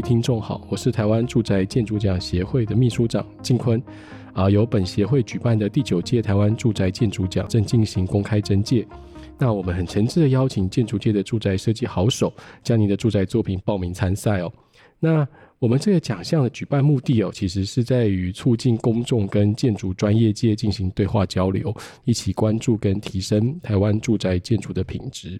聽眾好，我是台灣住宅建築獎協會的秘書長進坤，啊，由本協會舉辦的第九屆台灣住宅建築獎正進行公開徵件，那我們很誠摯的邀請建築界的住宅設計好手，將您的住宅作品報名參賽哦。那我們這個獎項的舉辦目的哦，其實是在於促進公眾跟建築專業界進行對話交流，一起關注跟提升台灣住宅建築的品質。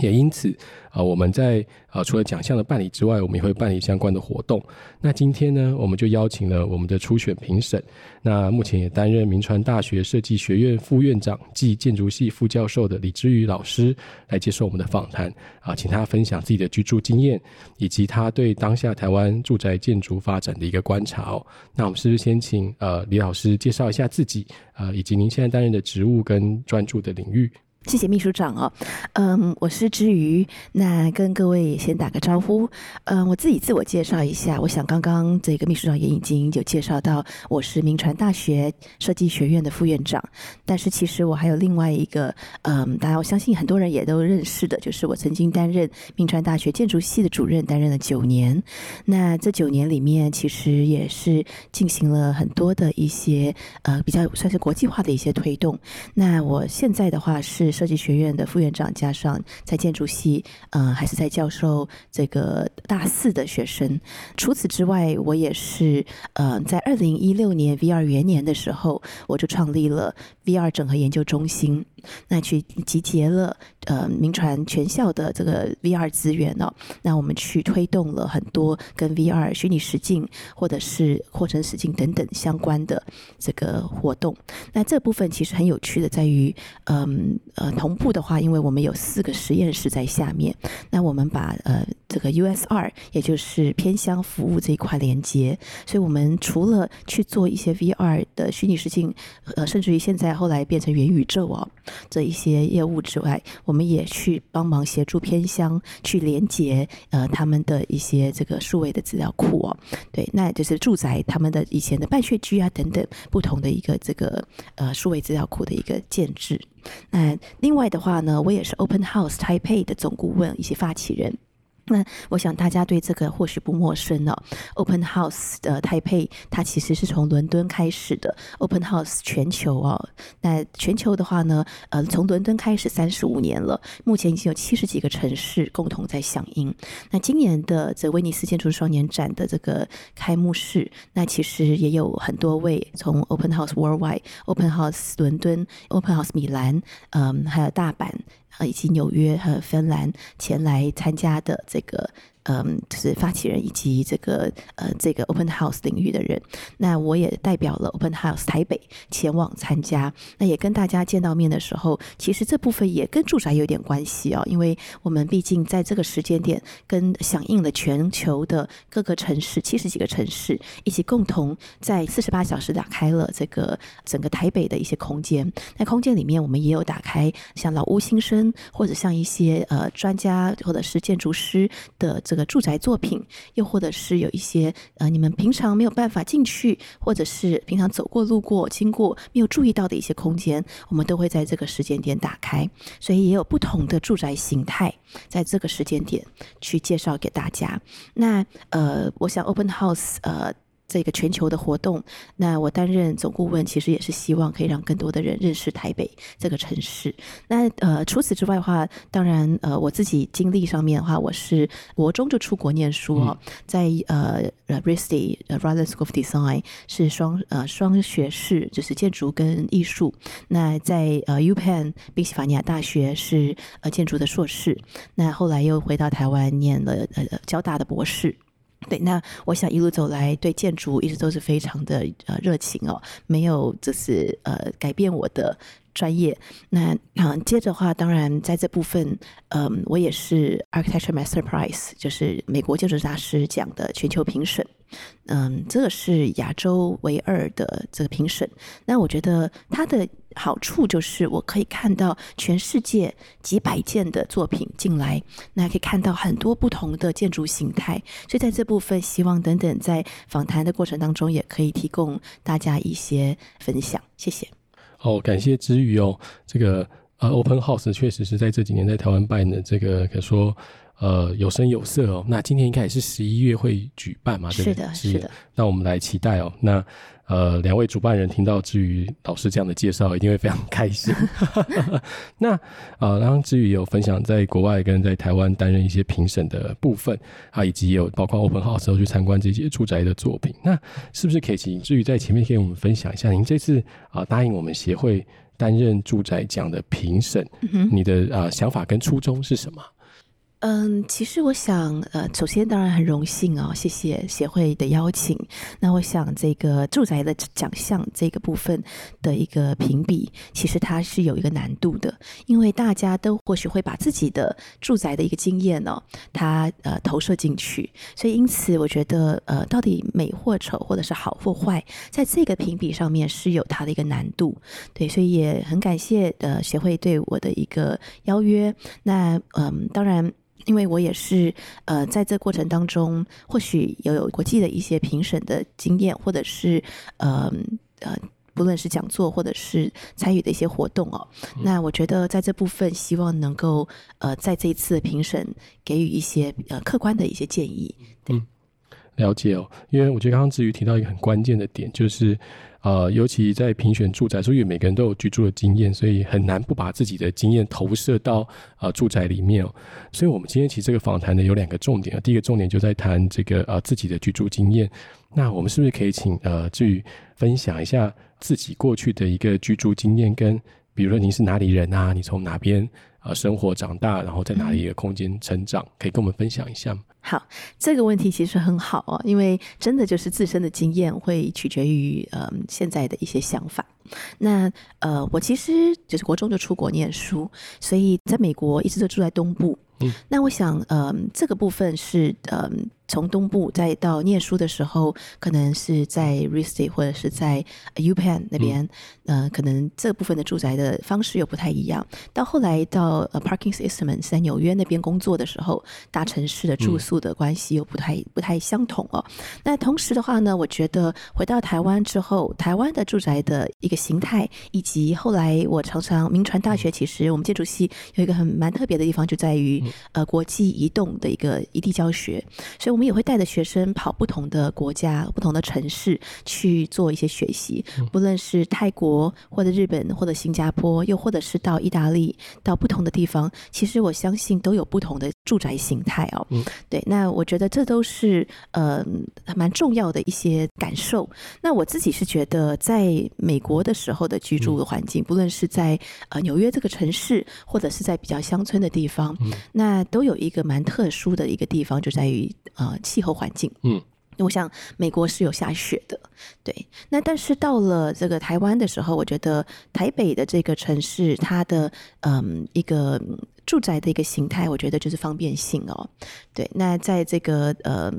也因此，啊、呃，我們在啊、呃，除了獎項的辦理之外，我們也會辦理相關的活動。那今天呢，我們就邀請了我們的初選評審，那目前也擔任銘傳大學設計學院副院長暨建築系副教授的李芝瑜老師來接受我們的訪談啊、呃，請他分享自己的居住經驗，以及他對當下台灣住宅建築發展的一個觀察。哦，那我們是不是先請呃李老師介紹一下自己啊、呃，以及您現在擔任的職務跟專注的領域？謝謝秘書長哦，嗯，我是芝瑜，那跟各位也先打個招呼，嗯，我自己自我介紹一下，我想剛剛這個秘書長也已經有介紹到，我是銘傳大學設計學院的副院長，但是其實我還有另外一個，嗯，大家我相信很多人也都認識的，就是我曾經擔任銘傳大學建築系的主任，擔任了九年，那這九年裡面其實也是進行了很多的一些，呃，比較算是國際化的一些推動，那我現在的話是。設計學院的副院長，加上在建築系，呃，還是在教授這個大四的學生。除此之外，我也是呃，在二零一六年 VR 元年的時候，我就創立了 VR 整合研究中心，那去集結了呃，銘傳全校的這個 VR 資源哦，那我們去推動了很多跟 VR 虛擬實境或者是擴增實境等等相關的這個活動。那這部分其實很有趣的，在於嗯呃。同步的話，因為我們有四個實驗室在下面，那我們把呃這個 USR 也就是偏鄉服務這一塊連接，所以我們除了去做一些 VR 的虛擬實境，呃，甚至於現在後來變成元宇宙哦這一些業務之外，我們也去幫忙協助偏鄉去連接呃他們的一些這個數位的資料庫哦，對，那就是住宅他們的以前的半穴居啊等等不同的一個這個呃數位資料庫的一個建置。那、嗯、另外的話呢，我也是 Open House Taipei 的總顧問，以及發起人。那我想大家對這個或許不陌生哦、啊，Open House 的台北，它其實是從倫敦開始的 Open House 全球哦、啊，那全球的話呢，呃，從倫敦開始三十五年了，目前已經有七十幾個城市共同在響應。那今年的這威尼斯建築雙年展的這個開幕式，那其實也有很多位從 Open House Worldwide、Open House 倫敦、Open House 米蘭，嗯，還有大阪。呃，以及紐約和芬蘭前來參加的這個。嗯，就是發起人以及這個呃，這個 Open House 領域的人，那我也代表了 Open House 台北前往參加，那也跟大家見到面的時候，其實這部分也跟住宅有點關係啊，哦，因為我們畢竟在這個時間點，跟響應了全球的各個城市七十幾個城市一起共同在四十八小時打開了這個整個台北的一些空間，那空間裡面我們也有打開像老屋新生，或者像一些呃專家或者是建築師的這個。的住宅作品，又或者是有一些呃，你們平常沒有辦法進去，或者是平常走過、路過、經過沒有注意到的一些空間，我們都會在這個時間點打開，所以也有不同的住宅形態在這個時間點去介紹給大家。那呃，我想 Open House 呃。這個全球的活動，那我擔任總顧問，其實也是希望可以讓更多的人認識台北這個城市。那呃，除此之外的話，當然呃，我自己經歷上面的話，我是國中就出國念書，嗯。在呃，RISD，RISD RISD School of Design 是雙呃雙學士，就是建築跟藝術。那在呃，UPenn 賓夕法尼亞大學是呃建築的碩士，那後來又回到台灣念了呃交大的博士。對，那我想一路走來，對建築一直都是非常的呃熱情哦，沒有就是呃改變我的專業。那嗯接着話，當然在這部分，嗯，我也是 Architecture Master Prize，就是美國建築大師獎的全球評審，嗯，這個是亞洲唯二的這個評審。那我覺得他的。好處就是我可以看到全世界幾百件的作品進來，那可以看到很多不同的建築形態。所以在這部分，希望等等在訪談的過程當中，也可以提供大家一些分享。謝謝。哦，感謝芝瑜哦，這個呃，Open House 確實是在這幾年在台灣辦的，這個可以說呃有聲有色哦。那今天應該也是十一月會舉辦嘛，對不對？是的。是的，是的。那我們來期待哦。那。呃，兩位主辦人聽到芝瑜老師這樣的介紹，一定會非常開心。 哈哈哈。那呃，然後芝瑜有分享，在國外跟在台灣擔任一些評審的部分啊，以及有包括 open house 時候去參觀這些住宅的作品。那是不是可以請芝瑜在前面跟我們分享一下，您這次啊、呃、答應我們協會擔任住宅獎的評審、嗯，你的啊、呃、想法跟初衷是什麼？嗯，其實我想，呃，首先當然很榮幸哦，謝謝協會的邀請。那我想，這個住宅的獎項這個部分的一個評比，其實它是有一個難度的，因為大家都或許會把自己的住宅的一個經驗哦，它呃投射進去，所以因此我覺得，呃，到底美或醜，或者是好或壞，在這個評比上面是有它的一個難度。對，所以也很感謝呃協會對我的一個邀約。那嗯，呃，當然。因為我也是呃，在這過程當中，或許有有國際的一些評審的經驗，或者是呃呃，不論是講座或者是參與的一些活動哦。那我覺得在這部分，希望能夠呃，在這一次評審給予一些呃客觀的一些建議。對。嗯。了解哦，因為我覺得剛剛芝瑜提到一個很關鍵的點，就是，呃，尤其在評選住宅，所以每個人都有居住的經驗，所以很難不把自己的經驗投射到呃住宅裡面哦。所以我們今天其實這個訪談呢有兩個重點，第一個重點就是在談這個呃自己的居住經驗。那我們是不是可以請呃芝瑜分享一下自己過去的一個居住經驗？跟比如說您是哪裡人啊？你從哪邊？啊，生活長大，然後在哪裡的空間成長，可以跟我們分享一下嗎？好，這個問題其實很好哦，因為真的就是自身的經驗會取決於，嗯，現在的一些想法。那呃，我其實就是國中就出國念書，所以在美國一直都住在東部。嗯，那我想呃，嗯，這個部分是嗯。從東部再到唸書的時候，可能是在 RISD 或者是在 U Penn 那邊，嗯，呃，可能這部分的住宅的方式又不太一樣。到後來到 Perkins Eastman 在紐約那邊工作的時候，大城市的住宿的關係又不太不太相同哦，嗯。那同時的話呢，我覺得回到台灣之後，台灣的住宅的一個形態，以及後來我常常銘傳大學，其實我們建築系有一個很蠻特別的地方，就在於呃國際移動的一個異地教學，所以。我們也會帶着學生跑不同的國家、不同的城市，去做一些學習，不論是泰國或者日本或者新加坡，又或者是到意大利，到不同的地方，其實我相信都有不同的住宅形態哦。對，那我覺得這都是呃蠻重要的一些感受。那我自己是覺得，在美國的時候的居住的環境，不論是在呃紐約這個城市，或者是在比較鄉村的地方，那都有一個蠻特殊的一個地方，就在於呃氣候環境，嗯，我想美國是有下雪的，對，那但是到了這個台灣的時候，我覺得台北的這個城市，它的嗯，一個。住宅的一個形態，我覺得就是方便性哦。對，那在這個呃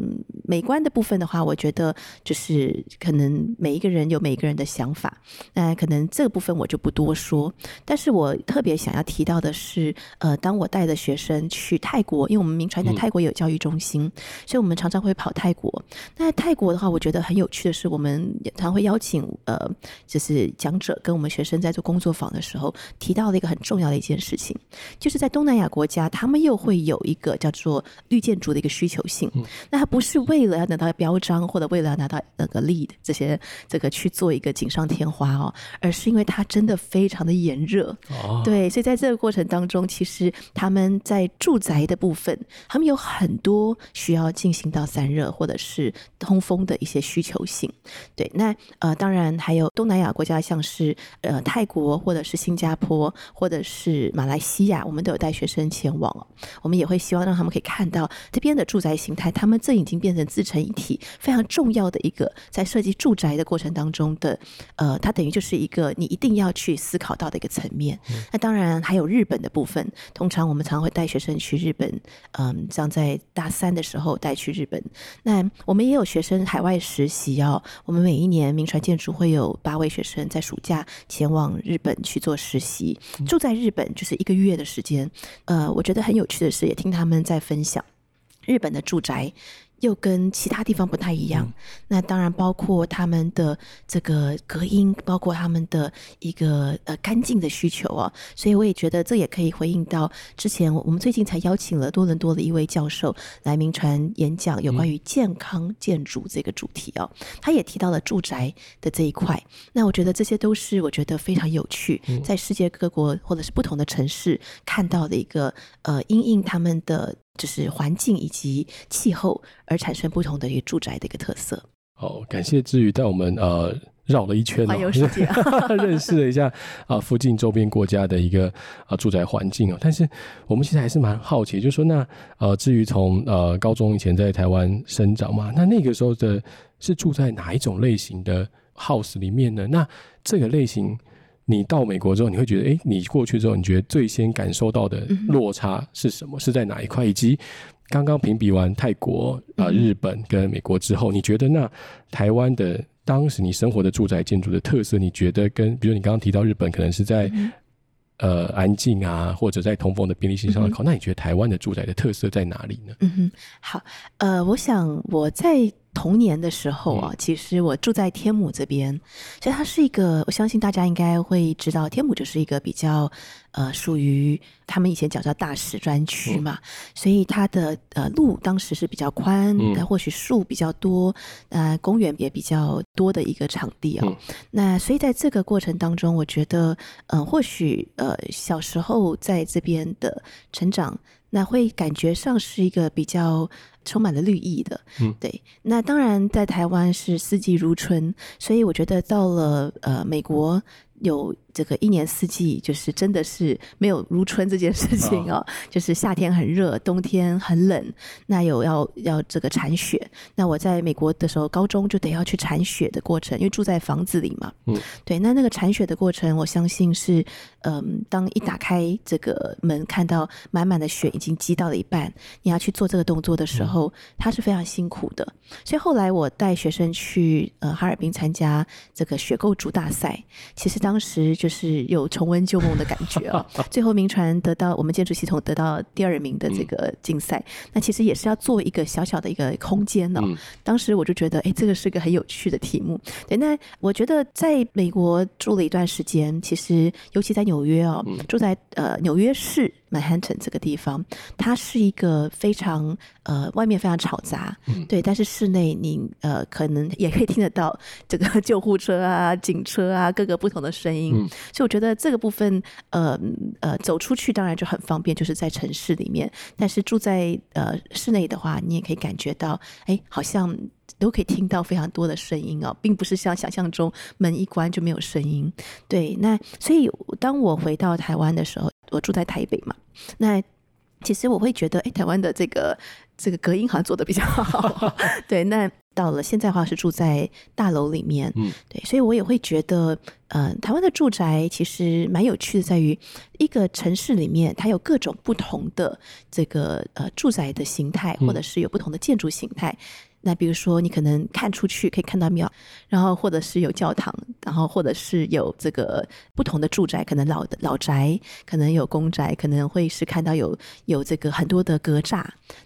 美觀的部分的話，我覺得就是可能每一個人有每一個人的想法。那可能這個部分我就不多說。但是我特別想要提到的是，呃，當我帶的學生去泰國，因為我們銘傳在泰國有教育中心、嗯，所以我們常常會跑泰國。那泰國的話，我覺得很有趣的是，我們常會邀請呃，就是講者跟我們學生在做工作坊的時候，提到的一個很重要的一件事情，就是在東。東南亞國家，他們又會有一個叫做綠建築的一個需求性，嗯，那不是為了要拿到標章或者為了要拿到那個 LEED 這些這個去做一個錦上添花哦，而是因為它真的非常的炎熱，啊，對，所以在這個過程當中，其實他們在住宅的部分，他們有很多需要進行到散熱或者是通風的一些需求性，對，那呃，當然還有東南亞國家，像是呃泰國或者是新加坡或者是馬來西亞，我們都有帶學生前往，我們也會希望讓他們可以看到這邊的住宅形態，他們這已經變成自成一體，非常重要的一個在設計住宅的過程當中的，呃，它等於就是一個你一定要去思考到的一個層面、嗯。那當然還有日本的部分，通常我們常會帶學生去日本，嗯，像在大三的時候帶去日本。那我們也有學生海外實習、哦，要我們每一年銘傳建築會有八位學生在暑假前往日本去做實習，嗯、住在日本就是一個月的時間。呃，我覺得很有趣的是，也聽他們在分享日本的住宅。又跟其他地方不太一樣，嗯，那當然包括他們的這個隔音，包括他們的一個呃乾淨的需求啊，所以我也覺得這也可以回應到之前我們最近才邀請了多倫多的一位教授來銘傳演講，有關於健康建築這個主題哦，啊嗯，他也提到了住宅的這一塊，那我覺得這些都是我覺得非常有趣，嗯，在世界各國或者是不同的城市看到的一個呃陰影，因應他們的。就是環境以及氣候而產生不同的一個住宅的一個特色。好、哦，感謝芝瑜帶我們呃繞了一圈、哦，環遊世界啊、 認識了一下啊、呃、附近周邊國家的一個啊、呃、住宅環境、哦、但是我們其實還是蠻好奇，就是說那呃芝瑜從呃高中以前在台灣生長嘛，那那個時候的是住在哪一種類型的 house 裡面呢？那這個類型。你到美國之後，你會覺得，哎、欸，你過去之後，你覺得最先感受到的落差是什麼？嗯、是在哪一塊？以及剛剛評比完泰國、啊、呃、日本跟美國之後，你覺得那台灣的當時你生活的住宅建築的特色，你覺得跟，比如你剛剛提到日本可能是在，嗯、呃安靜啊，或者在通風的便利性上的考，嗯、那你覺得台灣的住宅的特色在哪裡呢？嗯哼，好，呃，我想我在。童年的時候啊，其實我住在天母這邊，所以它是一個我相信大家應該會知道，天母就是一個比較呃屬於他們以前講叫大使專區嘛，所以它的呃路當時是比較寬，但或許樹比較多，呃公園也比較多的一個場地哦。那所以在這個過程當中，我覺得嗯、呃、或許呃小時候在這邊的成長。那會感覺上是一個比較充滿了綠意的，嗯，對。那當然在台灣是四季如春，所以我覺得到了呃美國有。這個一年四季就是真的是沒有如春這件事情啊、哦 oh.，就是夏天很熱，冬天很冷，那有要要這個鏟雪。那我在美國的時候，高中就得要去鏟雪的過程，因為住在房子裡嘛。嗯、mm.，對。那那個鏟雪的過程，我相信是嗯，當一打開這個門，看到滿滿的雪已經積到了一半，你要去做這個動作的時候，mm. 它是非常辛苦的。所以後來我帶學生去呃哈爾濱參加這個雪構築大賽，其實當時就是。就是有重溫舊夢的感覺啊、哦！ 最後銘傳得到我們建築系統得到第二名的這個競賽，嗯、那其實也是要做一個小小的一個空間呢、哦嗯。當時我就覺得，哎，這個是個很有趣的題目。對，那我覺得在美國住了一段時間，其實尤其在紐約哦，嗯、住在呃紐約市。曼哈頓這個地方，它是一個非常呃，外面非常吵雜，對，但是室內你呃，可能也可以聽得到這個救護車啊、警車啊各個不同的聲音。嗯，所以我覺得這個部分呃呃，走出去當然就很方便，就是在城市裡面，但是住在呃室內的話，你也可以感覺到，誒，好像。都可以聽到非常多的聲音哦，並不是像想象中門一關就沒有聲音。對，那所以當我回到台灣的時候，我住在台北嘛。那其實我會覺得，哎，台灣的這個這個隔音好像做得比較好。 對，那到了現在話是住在大樓裡面，嗯，對，所以我也會覺得，嗯、呃，台灣的住宅其實蠻有趣的，在於一個城市裡面，它有各種不同的這個呃住宅的形態，或者是有不同的建築形態。嗯那比如說，你可能看出去可以看到廟，然後或者是有教堂，然後或者是有這個不同的住宅，可能老的老宅，可能有公宅，可能會是看到有有這個很多的格柵，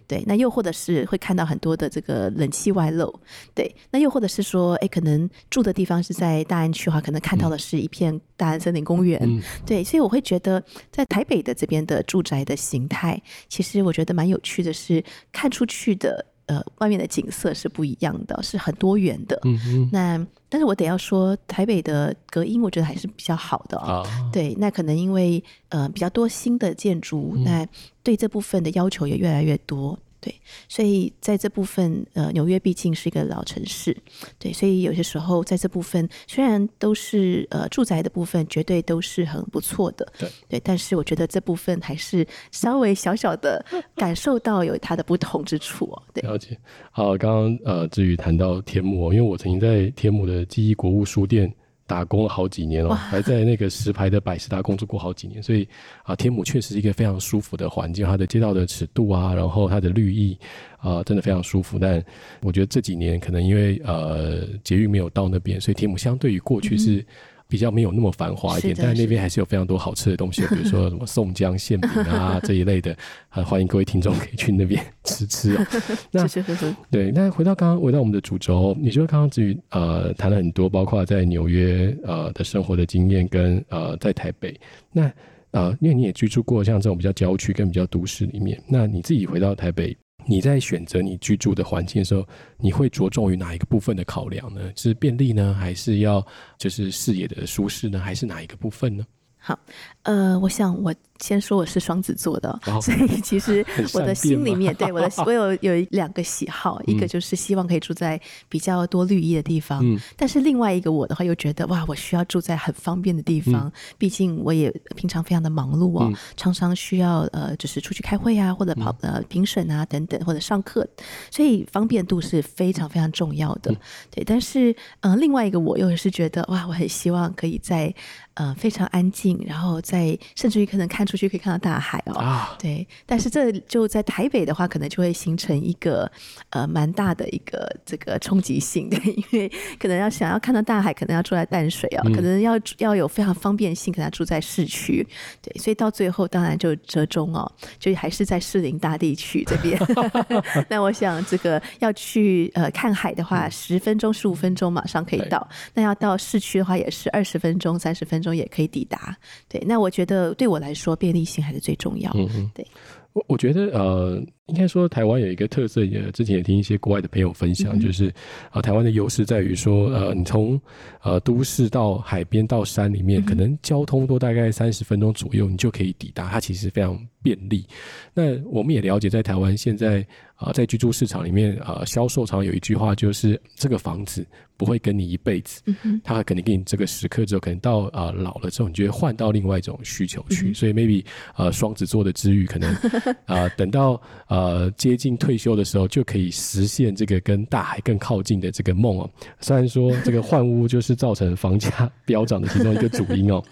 對。那又或者是會看到很多的這個冷氣外露，對。那又或者是說，哎，可能住的地方是在大安區的話，可能看到的是一片大安森林公園。嗯，對。所以我會覺得，在台北的這邊的住宅的形態，其實我覺得蠻有趣的是，是看出去的。呃，外面的景色是不一樣的，是很多元的。嗯，那但是我得要說，台北的隔音我覺得還是比較好的哦啊。對，那可能因為呃比較多新的建築，那對這部分的要求也越來越多。對，所以在這部分，呃，紐約畢竟是一個老城市，對，所以有些時候在這部分，雖然都是呃住宅的部分，絕對都是很不錯的對，對，但是我覺得這部分還是稍微小小的感受到有它的不同之處哦。對。了解，好，剛剛呃，芝瑜談到天母，因為我曾經在天母的紀伊國屋書店。打工了好幾年哦、喔，還在那個石牌的百事達工作過好幾年，所以啊，天母確實是一個非常舒服的環境，它的街道的尺度啊，然後它的綠意，啊、呃，真的非常舒服。但我覺得這幾年可能因為呃捷運沒有到那邊，所以天母相對於過去是，嗯比較沒有那麼繁華一點，是但是那邊還是有非常多好吃的東西，比如說什麼宋江餡餅啊這一類的， 啊、歡迎各位聽眾可以去那邊吃吃哦。謝 謝那。 對，那回到剛剛，回到我們的主軸，你說剛剛至於呃談了很多，包括在紐約呃的生活的經驗跟呃在台北，那呃因為你也居住過像這種比較郊區跟比較都市裡面，那你自己回到台北。你在選擇你居住的環境的時候，你會着重於哪一個部分的考量呢？是便利呢，還是要就是視野的舒適呢，還是哪一個部分呢？好，呃，我想我。先說我是雙子座的、哦，所以其實我的心裡面，對，我的，我有有兩個喜好、嗯，一個就是希望可以住在比較多綠意的地方、嗯，但是另外一個我的話又覺得哇，我需要住在很方便的地方，畢、嗯、竟我也平常非常的忙碌哦，嗯、常常需要呃就是出去開會啊，或者跑呃評審啊等等，嗯、或者上課，所以方便度是非常非常重要的，嗯、對。但是嗯、呃，另外一個我又是覺得哇，我很希望可以在呃非常安靜，然後在甚至於可能看。看出去可以看到大海哦、啊，對，但是這就在台北的話，可能就會形成一個呃蠻大的一個這個衝擊性，對，因為可能要想要看到大海，可能要住在淡水哦，嗯、可能要要有非常方便性，可能要住在市區，對，所以到最後當然就折中哦，就還是在士林大地區這邊。 那我想這個要去呃看海的話，十分鐘、嗯、十五分鐘馬上可以到、嗯，那要到市區的話也是二十分鐘三十分鐘也可以抵達，對，那我覺得對我來說。便利性還是最重要。嗯嗯，對，我我覺得呃。應該說，台灣有一個特色，也之前也聽一些國外的朋友分享，嗯、就是啊，台灣的優勢在於說，呃，你從呃都市到海邊到山裡面，嗯、可能交通都大概三十分鐘左右，你就可以抵達，它其實非常便利。那我們也了解，在台灣現在啊、呃，在居住市場裡面啊，銷、呃、售常常有一句話，就是這個房子不會跟你一輩子、嗯，它可能給你這個時刻之後，可能到啊、呃、老了之後，你就會換到另外一種需求去，嗯、所以 maybe 啊、呃，雙子座的治癒可能啊、呃，等到。 呃，接近退休的時候，就可以實現這個跟大海更靠近的這個夢哦。雖然說這個換屋就是造成房價飆漲的其中一個主因哦。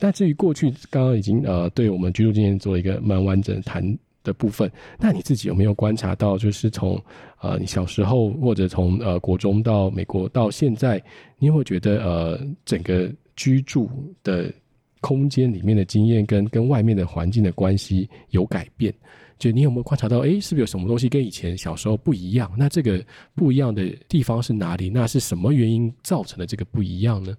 那 至於過去剛剛已經呃，對我們居住經驗做了一個蠻完整的談的部分，那你自己有沒有觀察到，就是從呃你小時候，或者從呃國中到美國到現在，你有沒有覺得呃整個居住的空間裡面的經驗，跟跟外面的環境的關係有改變？就你有沒有觀察到，誒、欸，是不是有什麼東西跟以前小時候不一樣？那這個不一樣的地方是哪裡？那是什麼原因造成的這個不一樣呢？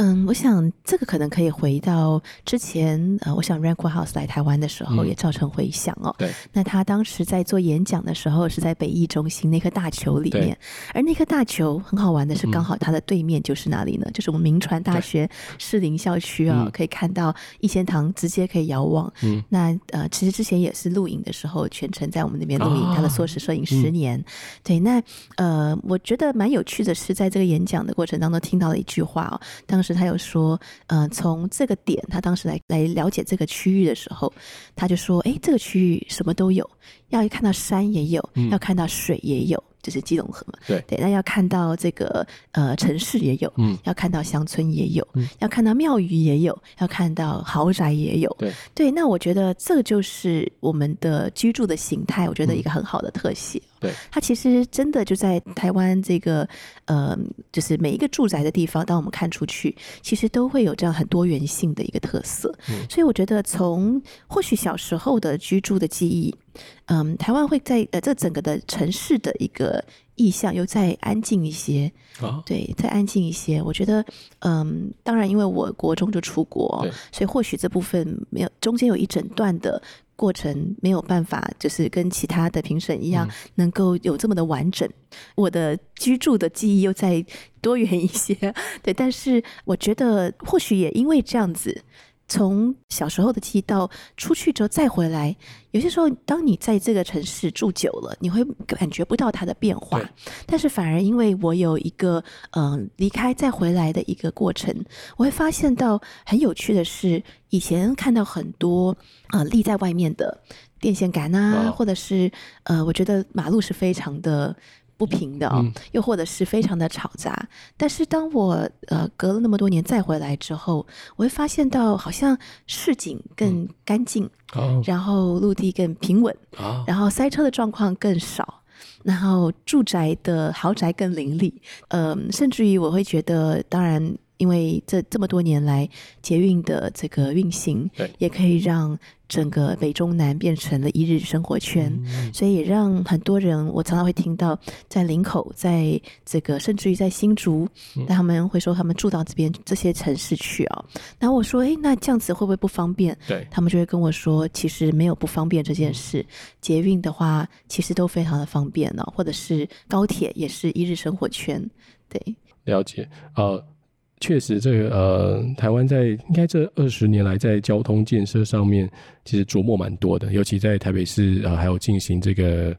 嗯，我想這個可能可以回到之前，呃，我想 Rem Koolhaas 來台灣的時候也造成回響哦、嗯。對。那他當時在做演講的時候，是在北藝中心那顆大球裡面、嗯，而那顆大球很好玩的是，剛好他的對面就是哪裡呢？嗯、就是我們銘傳大學士林校區啊、哦嗯，可以看到逸仙堂直接可以遙望。嗯。那呃，其實之前也是錄影的時候，全程在我們那邊錄影，啊、他的碩士攝影十年、嗯。對。那呃，我覺得蠻有趣的是，在這個演講的過程當中，聽到了一句話哦，當時。他有說，呃，從這個點，他當時來來了解這個區域的時候，他就說，哎，這個區域什麼都有。要看到山也有，要看到水也有，嗯、就是基隆河嘛。對，對，那要看到這個呃城市也有，嗯、要看到鄉村也有，嗯、要看到廟宇也有，要看到豪宅也有。對，對，那我覺得這就是我們的居住的形態。我覺得一個很好的特寫、嗯。對，它其實真的就在台灣這個呃，就是每一個住宅的地方，當我們看出去，其實都會有這樣很多元性的一個特色。嗯、所以我覺得，從或許小時候的居住的記憶。嗯，台灣會在呃這整個的城市的一個意象又再安靜一些，哦、對，再安靜一些。我覺得，嗯，當然，因為我國中就出國，所以或許這部分沒有中間有一整段的過程沒有辦法，就是跟其他的評審一樣，能夠有這麼的完整，嗯。我的居住的記憶又再多元一些，對，但是我覺得或許也因為這樣子。從小時候的記憶到出去之後再回來，有些時候當你在這個城市住久了，你會感覺不到它的變化。但是反而因為我有一個嗯、呃、離開再回來的一個過程，我會發現到很有趣的是，以前看到很多呃立在外面的電線桿啊，Wow. 或者是呃我覺得馬路是非常的。不平的、哦，又或者是非常的吵雜。嗯、但是當我呃隔了那麼多年再回來之後，我會發現到好像市井更乾淨，嗯、然後陸地更平穩、哦，然後塞車的狀況更少，哦、然後住宅的豪宅更林立。呃，甚至於我會覺得，當然。因為這這麼多年來，捷運的這個運行，對，也可以讓整個北中南變成了一日生活圈，所以也讓很多人，我常常會聽到在林口，在這個甚至於在新竹，那、嗯、他們會說他們住到這邊這些城市去啊、哦，那我說，誒，那這樣子會不會不方便？對，他們就會跟我說，其實沒有不方便這件事，嗯、捷運的話其實都非常的方便呢、哦，或者是高鐵也是一日生活圈，對，了解，呃、uh,。確實，這個呃，台灣在應該這二十年來在交通建設上面其實琢磨蠻多的，尤其在台北市啊、呃，還有進行這個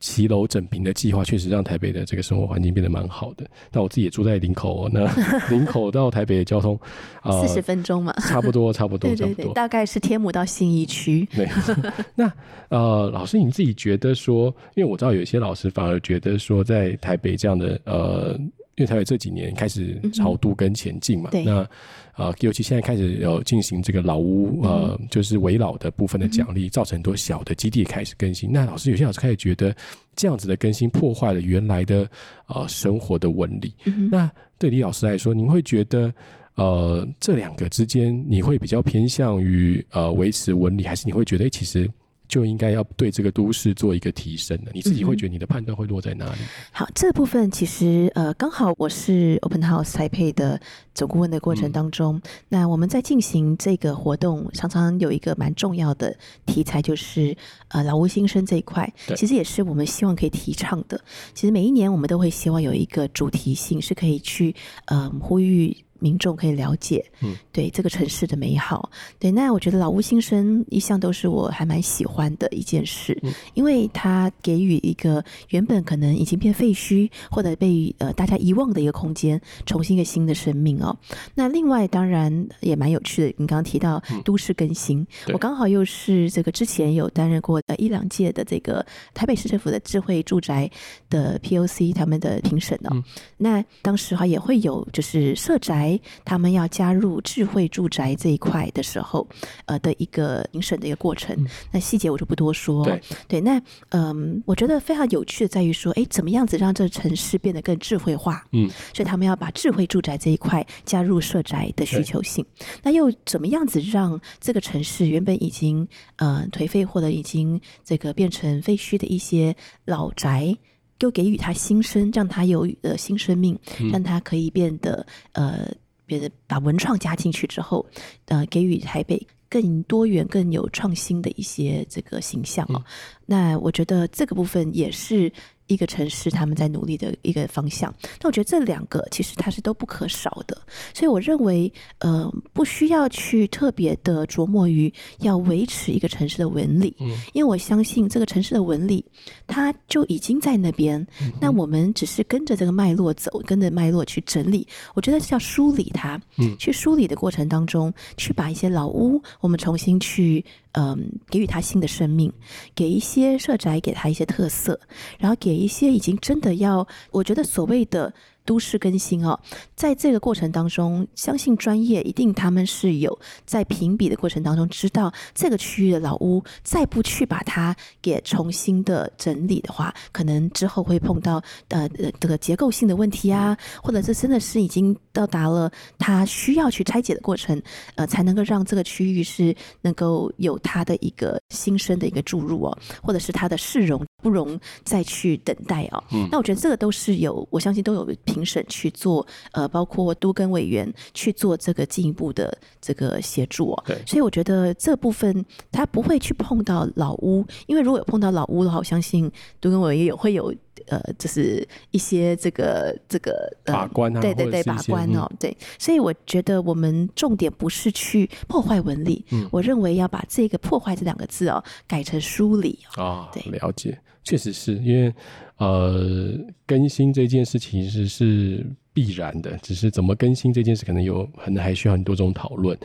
騎樓整平的計劃，確實讓台北的這個生活環境變得蠻好的。但我自己也住在林口，哦，那林口到台北的交通四十、 呃、分鐘嘛，差不多，差不多 對對對，差不多，大概是天母到信義區。 嗯、對 那呃，老師你自己覺得說，因為我知道有些老師反而覺得說，在台北這樣的呃。因為台北這幾年開始朝都更前進嘛，嗯、那、呃、尤其現在開始有進行這個老屋呃，就是危老的部分的獎勵，造成很多小的基地開始更新。嗯、那老師有些老師開始覺得這樣子的更新破壞了原來的呃生活的紋理、嗯嗯。那對李老師來說，你會覺得呃這兩個之間，你會比較偏向於呃維持紋理，還是你會覺得其實？就應該要對這個都市做一個提升的，你自己會覺得你的判斷會落在哪裡、嗯？好，這部分其實呃，剛好我是 Open House 賽配的總顧問的過程當中，嗯、那我們在進行這個活動，常常有一個蠻重要的題材，就是呃，勞工新生這一塊，其實也是我們希望可以提倡的。其實每一年我們都會希望有一個主題性，是可以去嗯、呃，呼籲。民眾可以了解，嗯，對這個城市的美好。對，那我覺得老屋新生一向都是我還蠻喜歡的一件事，因為它給予一個原本可能已經變廢墟，或者被呃大家遺忘的一個空間，重新一個新的生命哦。那另外當然也蠻有趣的，你剛剛提到都市更新，嗯、我剛好又是這個之前有擔任過呃一兩屆的這個台北市政府的智慧住宅的 POC 他們的評審的、哦嗯，那當時的話也會有就是社宅。他們要加入智慧住宅這一塊的時候，呃，的一個評審的一個過程、嗯，那細節我就不多說。對，對那嗯，我覺得非常有趣的在於說，哎，怎麼樣子讓這城市變得更智慧化？嗯，所以他們要把智慧住宅這一塊加入社宅的需求性，那又怎麼樣子讓這個城市原本已經呃頹廢或者已經這個變成廢墟的一些老宅？又給予他新生，讓他有呃新生命，讓他可以變得呃，變得把文創加進去之後，呃，給予台北更多元、更有創新的一些這個形象哦。嗯。那我覺得這個部分也是。一個城市，他們在努力的一個方向。那我覺得這兩個其實它是都不可少的。所以我認為，呃，不需要去特別的琢磨於要維持一個城市的紋理，因為我相信這個城市的紋理，它就已經在那邊。那我們只是跟着這個脈絡走，跟着脈絡去整理。我覺得是要梳理它，去梳理的過程當中，去把一些老屋，我們重新去。嗯，給予他新的生命，給一些社宅，給他一些特色，然後給一些已經真的要，我覺得所謂的。都市更新哦，在這個過程當中，相信專業一定他們是有在評比的過程當中，知道這個區域的老屋再不去把它給重新的整理的話，可能之後會碰到呃呃這個結構性的問題啊，或者是真的是已經到達了他需要去拆解的過程，呃，才能夠讓這個區域是能夠有他的一個新生的一個注入哦，或者是他的市容不容再去等待哦。那我覺得這個都是有，我相信都有。評審去做，呃，包括都更委員去做這個進一步的這個協助、喔、對。所以我覺得這部分他不會去碰到老屋，因為如果有碰到老屋的話，我相信都更委員也會有呃，就是一些這個這個、呃、把關、啊、對對對，把關哦、喔，對。所以我覺得我們重點不是去破壞文理、嗯，我認為要把這個破壞這兩個字哦、喔、改成梳理啊、喔哦。對，了解。確實是因為，呃，更新這件事情其實是必然的，只是怎麼更新這件事可能有，可能還需要很多種討論。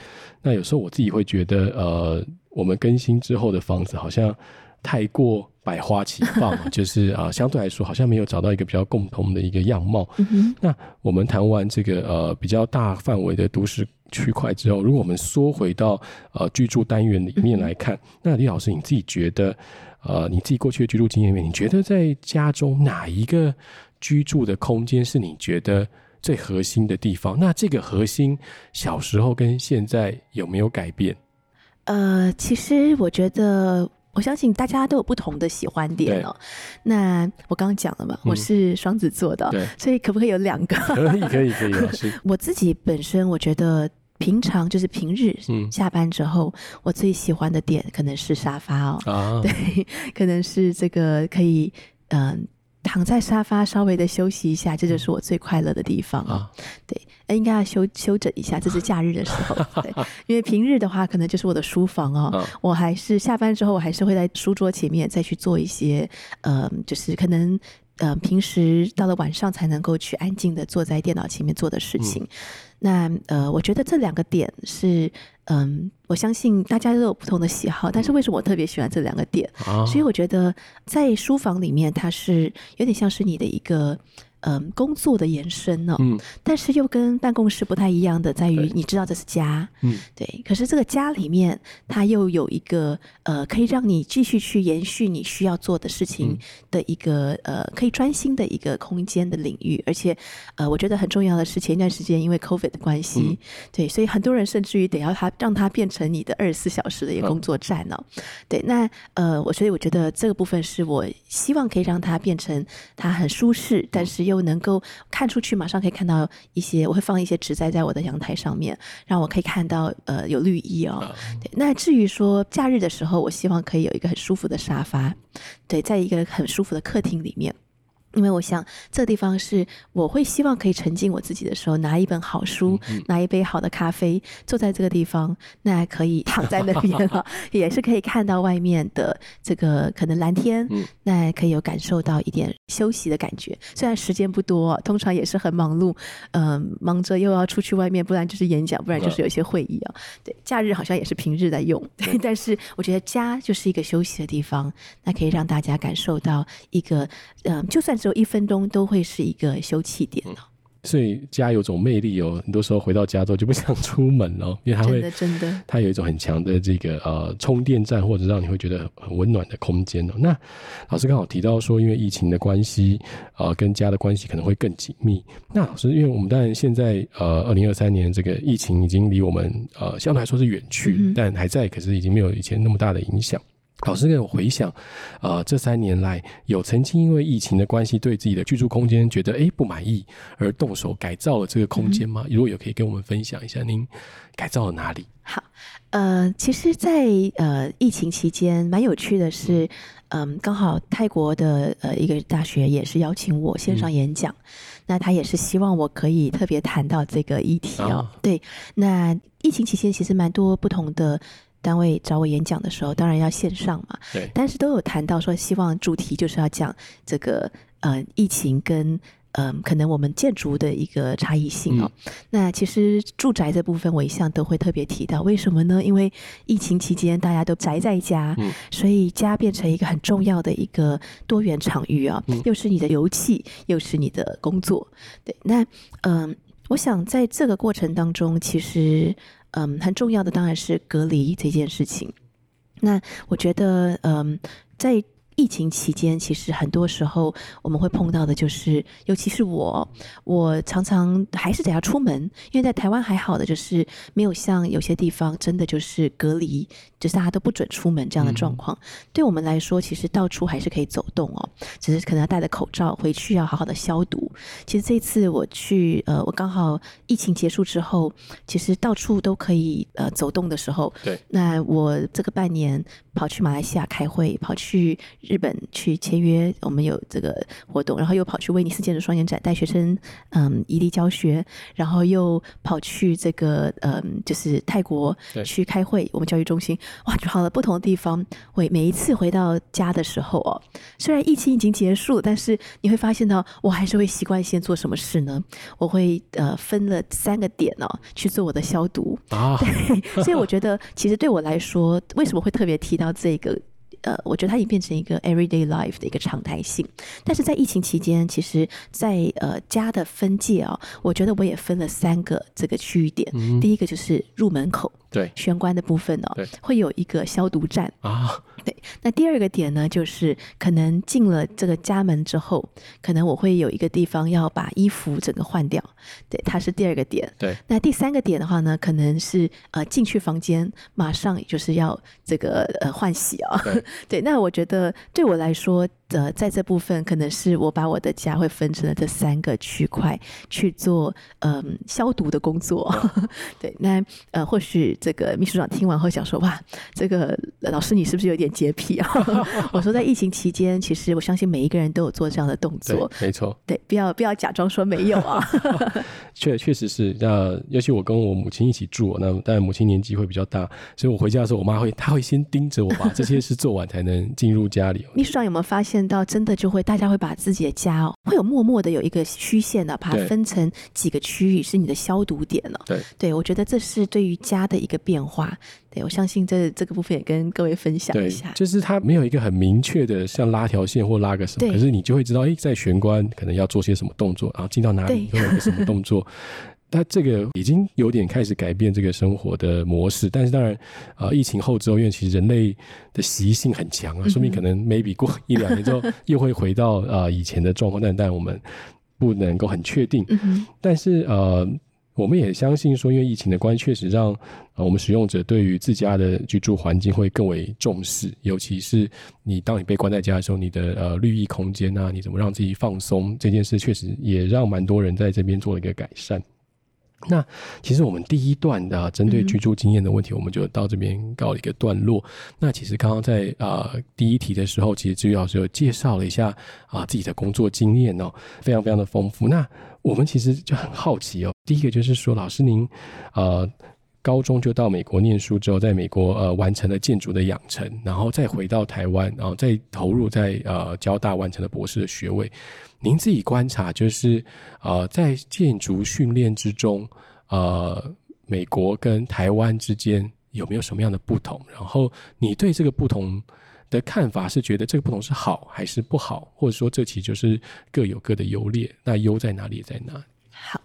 那有時候我自己會覺得，呃，我們更新之後的房子好像太過百花齊放， 就是啊、呃，相對來說好像沒有找到一個比較共同的一個樣貌。 那我們談完這個，呃，比較大範圍的都市區塊之後，如果我們縮回到呃居住單元裡面來看，嗯，那李老師你自己覺得，呃，你自己過去的居住經驗裡面，你覺得在家中哪一個居住的空間是你覺得最核心的地方？那這個核心小時候跟現在有沒有改變？呃，其實我覺得。我相信，大家都有不同的喜歡點哦。那我剛剛講了嘛，我是雙子座的，哦嗯，所以可不可以有兩個？ 可以，可以，可以。我自己本身，我覺得平常就是平日下班之後，嗯、我最喜歡的點可能是沙發哦。啊、對，可能是這個可以，嗯、呃，躺在沙發稍微的休息一下，這就是我最快樂的地方、嗯、啊。對。應該要修修整一下，這是假日的時候。對，因為平日的話，可能就是我的書房哦。 我還是下班之後，我還是會在書桌前面再去做一些，嗯、呃，就是可能，嗯、呃，平時到了晚上才能夠去安靜的坐在電腦前面做的事情。嗯、那呃，我覺得這兩個點是，嗯、呃，我相信大家都有不同的喜好，但是為什麼我特別喜歡這兩個點？嗯、所以我覺得在書房裡面，它是有點像是你的一個。嗯，工作的延伸呢、哦嗯，但是又跟辦公室不太一樣的在於，你知道這是家，嗯，對。可是這個家裡面，它又有一個呃，可以讓你繼續去延續你需要做的事情的一個、嗯、呃，可以專心的一個空間的領域。而且呃，我覺得很重要的是，前一段時間因為 COVID 的關係、嗯，對，所以很多人甚至於得要他讓它變成你的二十四小時的一個工作站呢、哦嗯。對，那呃，我所以我覺得這個部分是我希望可以讓它變成它很舒適，嗯、但是又能夠看出去，馬上可以看到一些。我會放一些植栽在我的陽台上面，讓我可以看到呃有綠意哦。那至於說假日的時候，我希望可以有一個很舒服的沙發，對，在一個很舒服的客廳裡面。因為我想這個、地方是我會希望可以沉浸我自己的時候，拿一本好書，拿一杯好的咖啡，坐在這個地方，那可以躺在那邊了、哦， 也是可以看到外面的這個可能藍天， 那可以有感受到一點休息的感覺。雖然時間不多，通常也是很忙碌，嗯、呃，忙着又要出去外面，不然就是演講，不然就是有一些會議啊、哦。對，假日好像也是平日在用，對 但是我覺得家就是一個休息的地方，那可以讓大家感受到一個，嗯、呃，就算是。有一分鐘都會是一個休憩點、哦嗯、所以家有種魅力哦。很多時候回到家之後就不想出門了、哦，因為它會真的真的它有一種很強的這個呃充電站，或者讓你會覺得很溫暖的空間哦。那老師剛好提到說，因為疫情的關係呃跟家的關係可能會更緊密。那老師，因為我們當然現在呃，二零二三年這個疫情已經離我們呃相對來說是遠去、嗯，但還在，可是已經沒有以前那麼大的影響。老師，跟我回想，呃，這三年來有曾經因為疫情的關係，對自己的居住空間覺得哎、欸、不滿意而動手改造了這個空間嗎、嗯？如果有，可以跟我們分享一下您改造了哪裡？好，呃，其實在，在呃疫情期間，蠻有趣的是，嗯、呃，剛好泰國的呃一個大學也是邀請我線上演講、嗯，那他也是希望我可以特別談到這個議題哦。啊、對，那疫情期間其實蠻多不同的。單位找我演講的時候，當然要線上嘛。對。但是都有談到說，希望主題就是要講這個呃，疫情跟嗯、呃，可能我們建築的一個差異性、哦嗯、那其實住宅這部分，我一向都會特別提到。為什麼呢？因為疫情期間大家都宅在家，嗯、所以家變成一個很重要的一個多元場域啊、哦嗯，又是你的遊戲，又是你的工作。對。那嗯、呃，我想在這個過程當中，其實。嗯，很重要的當然是隔離這件事情。那我覺得，嗯，在。疫情期間，其實很多時候我們會碰到的，就是尤其是我，我常常還是得要出門，因為在台灣還好的就是沒有像有些地方真的就是隔離，就是大家都不准出門這樣的狀況。嗯。對我們來說，其實到處還是可以走動哦，只是可能要戴着口罩，回去要好好的消毒。其實這次我去，呃，我剛好疫情結束之後，其實到處都可以呃走動的時候，對，那我這個半年跑去馬來西亞開會，跑去。日本去簽約，我們有這個活動，然後又跑去威尼斯建築雙年展帶學生，嗯，移地教學，然後又跑去這個嗯，就是泰國去開會，我們教育中心哇，好了不同的地方。我每一次回到家的時候哦，雖然疫情已經結束，但是你會發現到我還是會習慣性做什麼事呢？我會呃分了三個點哦去做我的消毒啊，對，所以我覺得 其實對我來說，為什麼會特別提到這個？呃，我覺得它已經變成一個 everyday life 的一個常態性。但是在疫情期間，其實在，在呃家的分界啊、哦，我覺得我也分了三個這個區域點。嗯嗯。第一個就是入門口。對，玄關的部分哦，對，會有一個消毒站啊、哦。對，那第二個點呢，就是可能進了這個家門之後，可能我會有一個地方要把衣服整個換掉。對，它是第二個點。對，那第三個點的話呢，可能是呃進去房間馬上就是要這個呃換洗啊、哦。對， 對，那我覺得對我來說。呃，在這部分可能是我把我的家會分成了這三個區塊去做，嗯、呃，消毒的工作。 對，那呃，或許這個秘書長聽完後想說，哇，這個老師你是不是有點潔癖啊？ 我說在疫情期間，其實我相信每一個人都有做這樣的動作。對，沒錯。對，不要不要假裝說沒有啊。 確確實是，那尤其我跟我母親一起住，那但母親年紀會比較大，所以我回家的時候，我媽會她會先盯着我把這些事做完才能進入家裡。 秘書長有沒有發現？到真的就會，大家會把自己的家哦，會有默默的有一個曲線的、啊，把它分成幾個區域，是你的消毒點了、哦。對，對我覺得這是對於家的一個變化。對我相信這這個部分也跟各位分享一下。就是它沒有一個很明確的，像拉條線或拉個什麼，可是你就會知道，哎、欸，在玄關可能要做些什麼動作，然後進到哪裡又有一個什麼動作。 它這個已經有點開始改變這個生活的模式，但是當然，啊、呃，疫情後之後，因為其實人類的習性很強啊，說明可能 maybe 過一兩年之後又會回到啊、 呃、以前的狀況，但但我們不能夠很確定。嗯、但是呃，我們也相信說，因為疫情的關係，確實讓、呃、我們使用者對於自家的居住環境會更為重視，尤其是你當你被關在家的時候，你的呃綠意空間啊，你怎麼讓自己放鬆這件事，確實也讓蠻多人在這邊做了一個改善。那其實我們第一段的啊、針對居住經驗的問題嗯嗯，我們就到這邊告了一個段落。那其實剛剛在啊、呃、第一題的時候，其實芝瑜老師有介紹了一下啊、呃、自己的工作經驗哦，非常非常的豐富。那我們其實就很好奇哦，第一個就是說，老師您啊、呃、高中就到美國念書之後，在美國呃完成了建築的養成，然後再回到台灣，然後再投入在呃交大完成了博士的學位。您自己觀察，就是呃，在建築訓練之中，呃，美國跟台灣之間有沒有什麼樣的不同？然後，你對這個不同的看法是覺得這個不同是好還是不好？或者說，這其實就是各有各的優劣？那優在哪裡，在哪裡？好，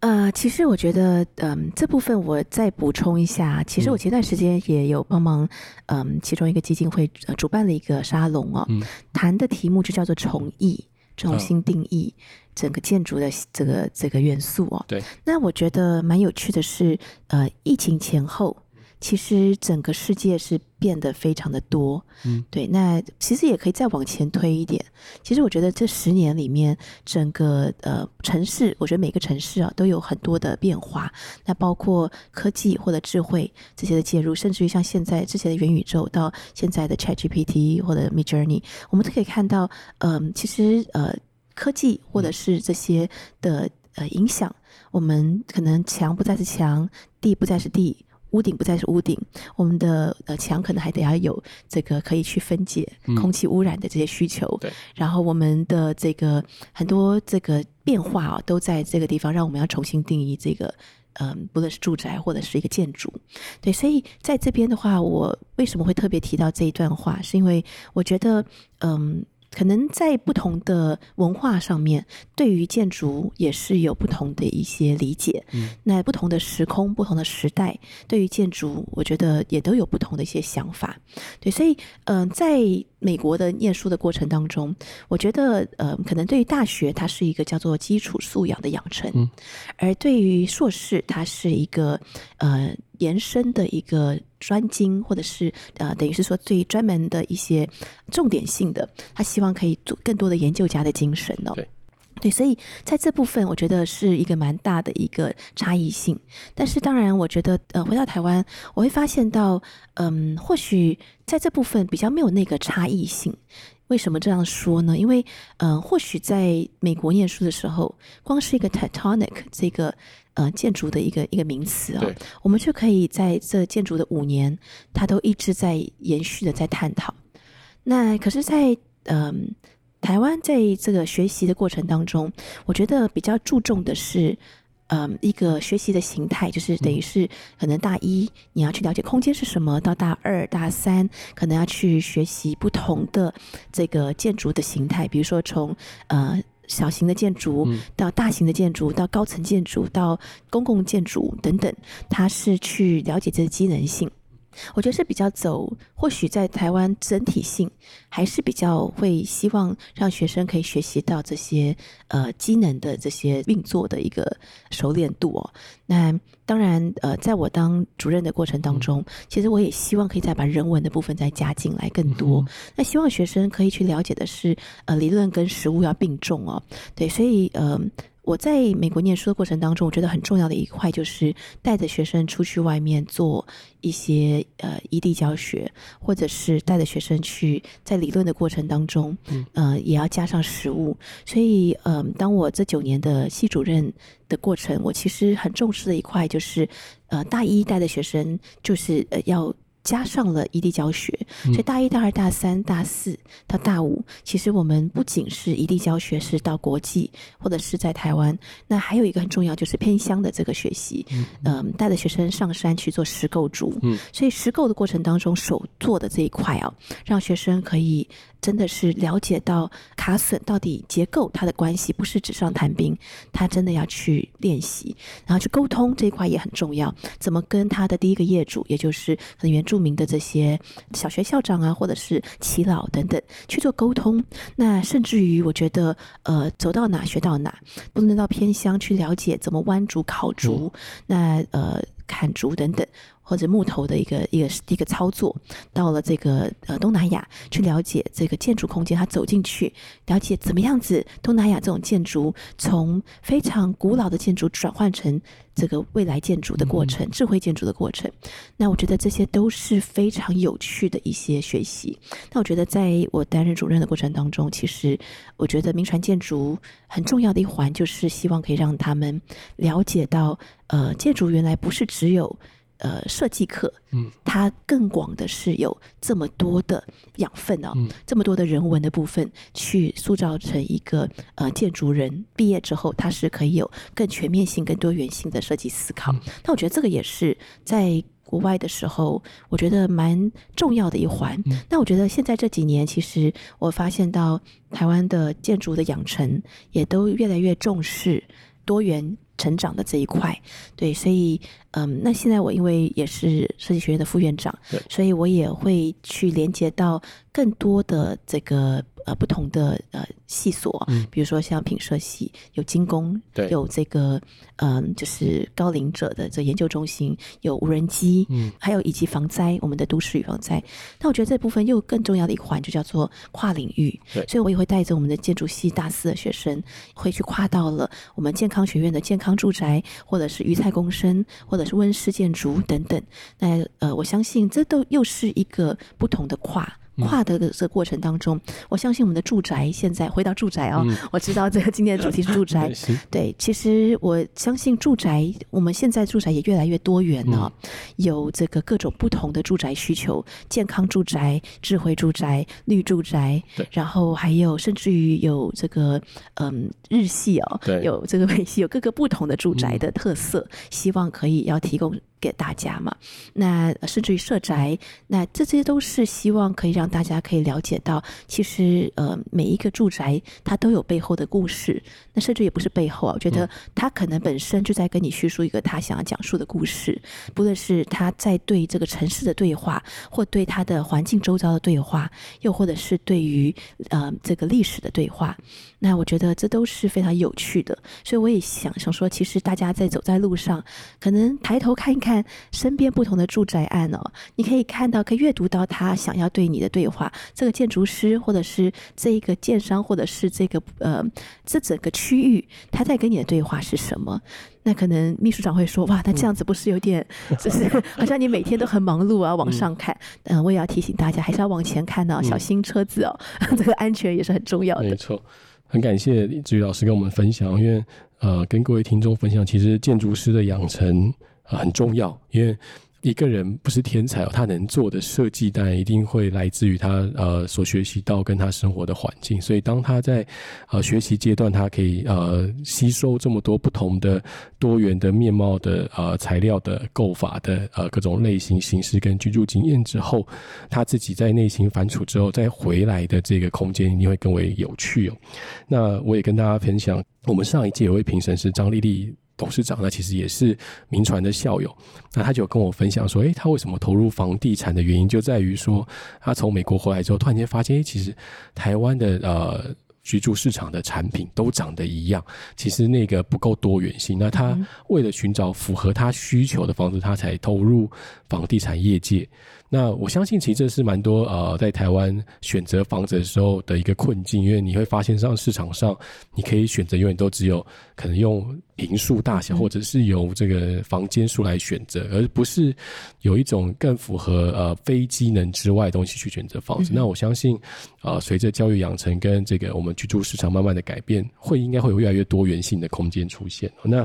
呃，其實我覺得，嗯，這部分我再補充一下。其實我前段時間也有幫忙，嗯，其中一個基金會，呃，主辦了一個沙龍哦，嗯，談的題目就叫做「重、嗯、義」。重新定義整個建築的這個、哦、這個元素哦。對，那我覺得蠻有趣的是，呃，疫情前後。其實整個世界是變得非常的多，嗯，對。那其實也可以再往前推一點。其實我覺得這十年裡面，整個呃城市，我覺得每個城市啊都有很多的變化。那包括科技或者智慧這些的介入，甚至於像現在之前的元宇宙到現在的 ChatGPT 或者 Midjourney，我們都可以看到，嗯、呃，其實呃科技或者是這些的呃影響、嗯，我們可能牆不再是牆，地不再是地。屋頂不再是屋頂，我們的呃牆可能還得要有這個可以去分解空氣汙染的這些需求。嗯、對、然後我們的這個很多這個變化啊，都在這個地方讓我們要重新定義這個嗯、呃，不論是住宅或者是一個建築。對，所以在這邊的話，我為什麼會特別提到這一段話，是因為我覺得嗯。可能在不同的文化上面，對於建築也是有不同的一些理解。那不同的時空、不同的時代，對於建築，我覺得也都有不同的一些想法。對，所以，嗯、呃，在美國的唸書的過程當中，我覺得，呃，可能對於大學，它是一個叫做基礎素養的養成；而對於碩士，它是一個呃延伸的一個。專精或者是呃，等於是說對專門的一些重點性的，他希望可以做更多的研究家的精神哦。對，對，所以在這部分，我覺得是一個蠻大的一個差異性。但是當然，我覺得呃，回到台灣，我會發現到嗯、呃，或許在這部分比較沒有那個差異性。為什麼這樣說呢？因為嗯、呃，或許在美國念書的時候，光是一個 Tectonic 這個。呃，建築的一個一個名詞啊、哦，我們就可以在這建築的五年，它都一直在延續的在探討。那可是在，在、呃、嗯，台灣在這個學習的過程當中，我覺得比較注重的是，嗯、呃，一個學習的形態，就是等於是可能大一你要去了解空間是什麼，到大二、大三可能要去學習不同的這個建築的形態，比如說從呃。小型的建築到大型的建築，到高層建築到公共建築等等，它是去了解這個機能性。我覺得是比較走，或許在台灣整體性還是比較會希望讓學生可以學習到這些呃機能的這些運作的一個熟練度哦。那當然呃，在我當主任的過程當中，其實我也希望可以再把人文的部分再加進來更多。那、嗯、希望學生可以去了解的是呃理論跟實務要並重哦。對，所以嗯。呃我在美國念書的過程當中，我覺得很重要的一塊就是帶着學生出去外面做一些呃異地教學，或者是帶着學生去在理論的過程當中，嗯、呃，也要加上實務。所以，嗯、呃，當我這九年的系主任的過程，我其實很重視的一塊就是，呃，大一帶的學生就是呃要。加上了異地教學，所以大一、大二、大三、大四到大五，其實我們不僅是異地教學，是到國際或者是在台灣。那還有一個很重要就是偏鄉的這個學習，嗯、呃，帶着學生上山去做實構築，所以實構的過程當中手做的這一塊哦、啊，讓學生可以真的是了解到卡榫到底結構它的關係，不是紙上談兵，他真的要去練習，然後去溝通這一塊也很重要，怎麼跟他的第一個業主，也就是原住。著名的這些小學校長啊，或者是耆老等等去做溝通，那甚至於我覺得，呃，走到哪學到哪，不能到偏鄉去了解怎麼彎竹、烤竹，嗯，那呃砍竹等等。或者木頭的一個一個一個操作，到了這個呃東南亞去了解這個建築空間，他走進去了解怎麼樣子東南亞這種建築從非常古老的建築轉換成這個未來建築的過程嗯嗯，智慧建築的過程。那我覺得這些都是非常有趣的一些學習。那我覺得在我擔任主任的過程當中，其實我覺得銘傳建築很重要的一環就是希望可以讓他們了解到，呃，建築原來不是只有。呃，設計課，嗯，它更廣的是有這麼多的養分哦，嗯，這麼多的人文的部分，去塑造成一個呃建築人，畢業之後他是可以有更全面性、更多元性的設計思考。嗯，那我覺得這個也是在國外的時候，我覺得蠻重要的一環。嗯，那我覺得現在這幾年，其實我發現到台灣的建築的養成，也都越來越重視多元成長的這一塊。對，所以。嗯，那現在我因為也是設計學院的副院長對，所以我也會去連接到更多的這個呃不同的呃系所，比如說像品設系有精工，對，有這個嗯就是高齡者的這研究中心，有無人機，嗯，還有以及防災，我們的都市與防災。那我覺得這部分又更重要的一環就叫做跨領域，對，所以我也會帶着我們的建築系大四的學生，會去跨到了我們健康學院的健康住宅，或者是魚菜共生，或者是。溫室建築等等，那呃，我相信這都又是一個不同的跨。嗯、跨的這個過程當中，我相信我們的住宅現在回到住宅啊、哦嗯，我知道這個今天的主題是住宅 對是。對，其實我相信住宅，我們現在住宅也越來越多元了、哦嗯，有這個各種不同的住宅需求，健康住宅、智慧住宅、綠住宅，然後還有甚至於有這個嗯日系哦，對有這個美系，有各個不同的住宅的特色，嗯、希望可以要提供。給大家嘛，那甚至於社宅，那這些都是希望可以讓大家可以了解到，其實呃每一個住宅它都有背後的故事，那甚至也不是背後啊，我覺得他可能本身就在跟你敘述一個他想要講述的故事，嗯、不論是他在對這個城市的對話，或對他的環境周遭的對話，又或者是對於呃這個歷史的對話，那我覺得這都是非常有趣的，所以我也想想說，其實大家在走在路上，可能抬頭看一看。看身邊不同的住宅案哦，你可以看到，可以閱讀到他想要對你的對話。這個建築師，或者是這一個建商，或者是這個呃，這整個區域，他在跟你的對話是什麼？那可能秘書長會說，哇，那這樣子不是有點，嗯、就是好像你每天都很忙碌啊，往上看。嗯，嗯我也要提醒大家，還是要往前看呢、啊，小心車子哦，這、嗯、個安全也是很重要的。沒錯，很感謝李芝瑜老師跟我們分享，因為呃，跟各位聽眾分享，其實建築師的養成。呃，很重要，因為一個人不是天才哦，他能做的設計當然一定會來自於他呃所學習到跟他生活的環境。所以當他在呃學習階段，他可以呃吸收這麼多不同的多元的面貌的呃材料的構法的呃各種類型形式跟居住經驗之後，他自己在內心反芻之後，再回來的這個空間一定會更為有趣哦。那我也跟大家分享，我們上一屆有位評審是張麗麗董事長呢，其實也是銘傳的校友，那他就跟我分享說，誒，他為什麼投入房地產的原因，就在於說他從美國回來之後，突然間發現，誒，其實台灣的呃居住市場的產品都長得一樣，其實那個不夠多元性，那他為了尋找符合他需求的房子，他才投入房地產業界。那我相信，其實這是蠻多呃，在台灣選擇房子的時候的一個困境，因為你會發現，上市場上你可以選擇，永遠都只有可能用坪數大小、嗯，或者是由這個房間數來選擇，而不是有一種更符合呃非機能之外的東西去選擇房子、嗯。那我相信，呃，隨着教育養成跟這個我們居住市場慢慢的改變，會應該會有越來越多元性的空間出現。那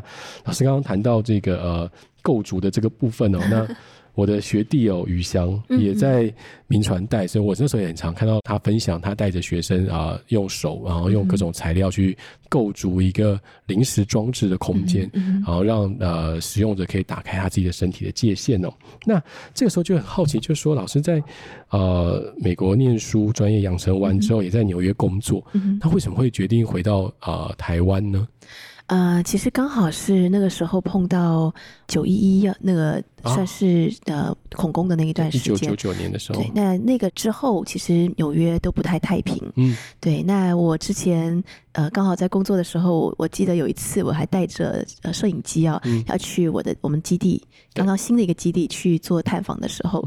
老師剛剛談到這個呃構築的這個部分哦，那。 我的學弟哦，於翔、嗯嗯，也在銘傳帶，所以，我那時候也很常看到他分享，他帶着學生啊、呃，用手，然後用各種材料去構築一個臨時裝置的空間、嗯嗯嗯，然後讓呃使用者可以打開他自己的身體的界限哦。那這個時候就很好奇，就是說，老師在、嗯、呃美國念書，專業養成完之後，嗯嗯也在紐約工作嗯嗯，他為什麼會決定回到啊、呃、台灣呢？啊、呃，其實剛好是那個時候碰到九一一那個。算是、啊、呃恐工的那一段時間，對，那那個之後，其實紐約都不太太平。嗯、對，那我之前呃剛好在工作的時候，我記得有一次我還帶着呃攝影機啊，要去我的我們基地，剛、嗯、剛新的一個基地去做探訪的時候，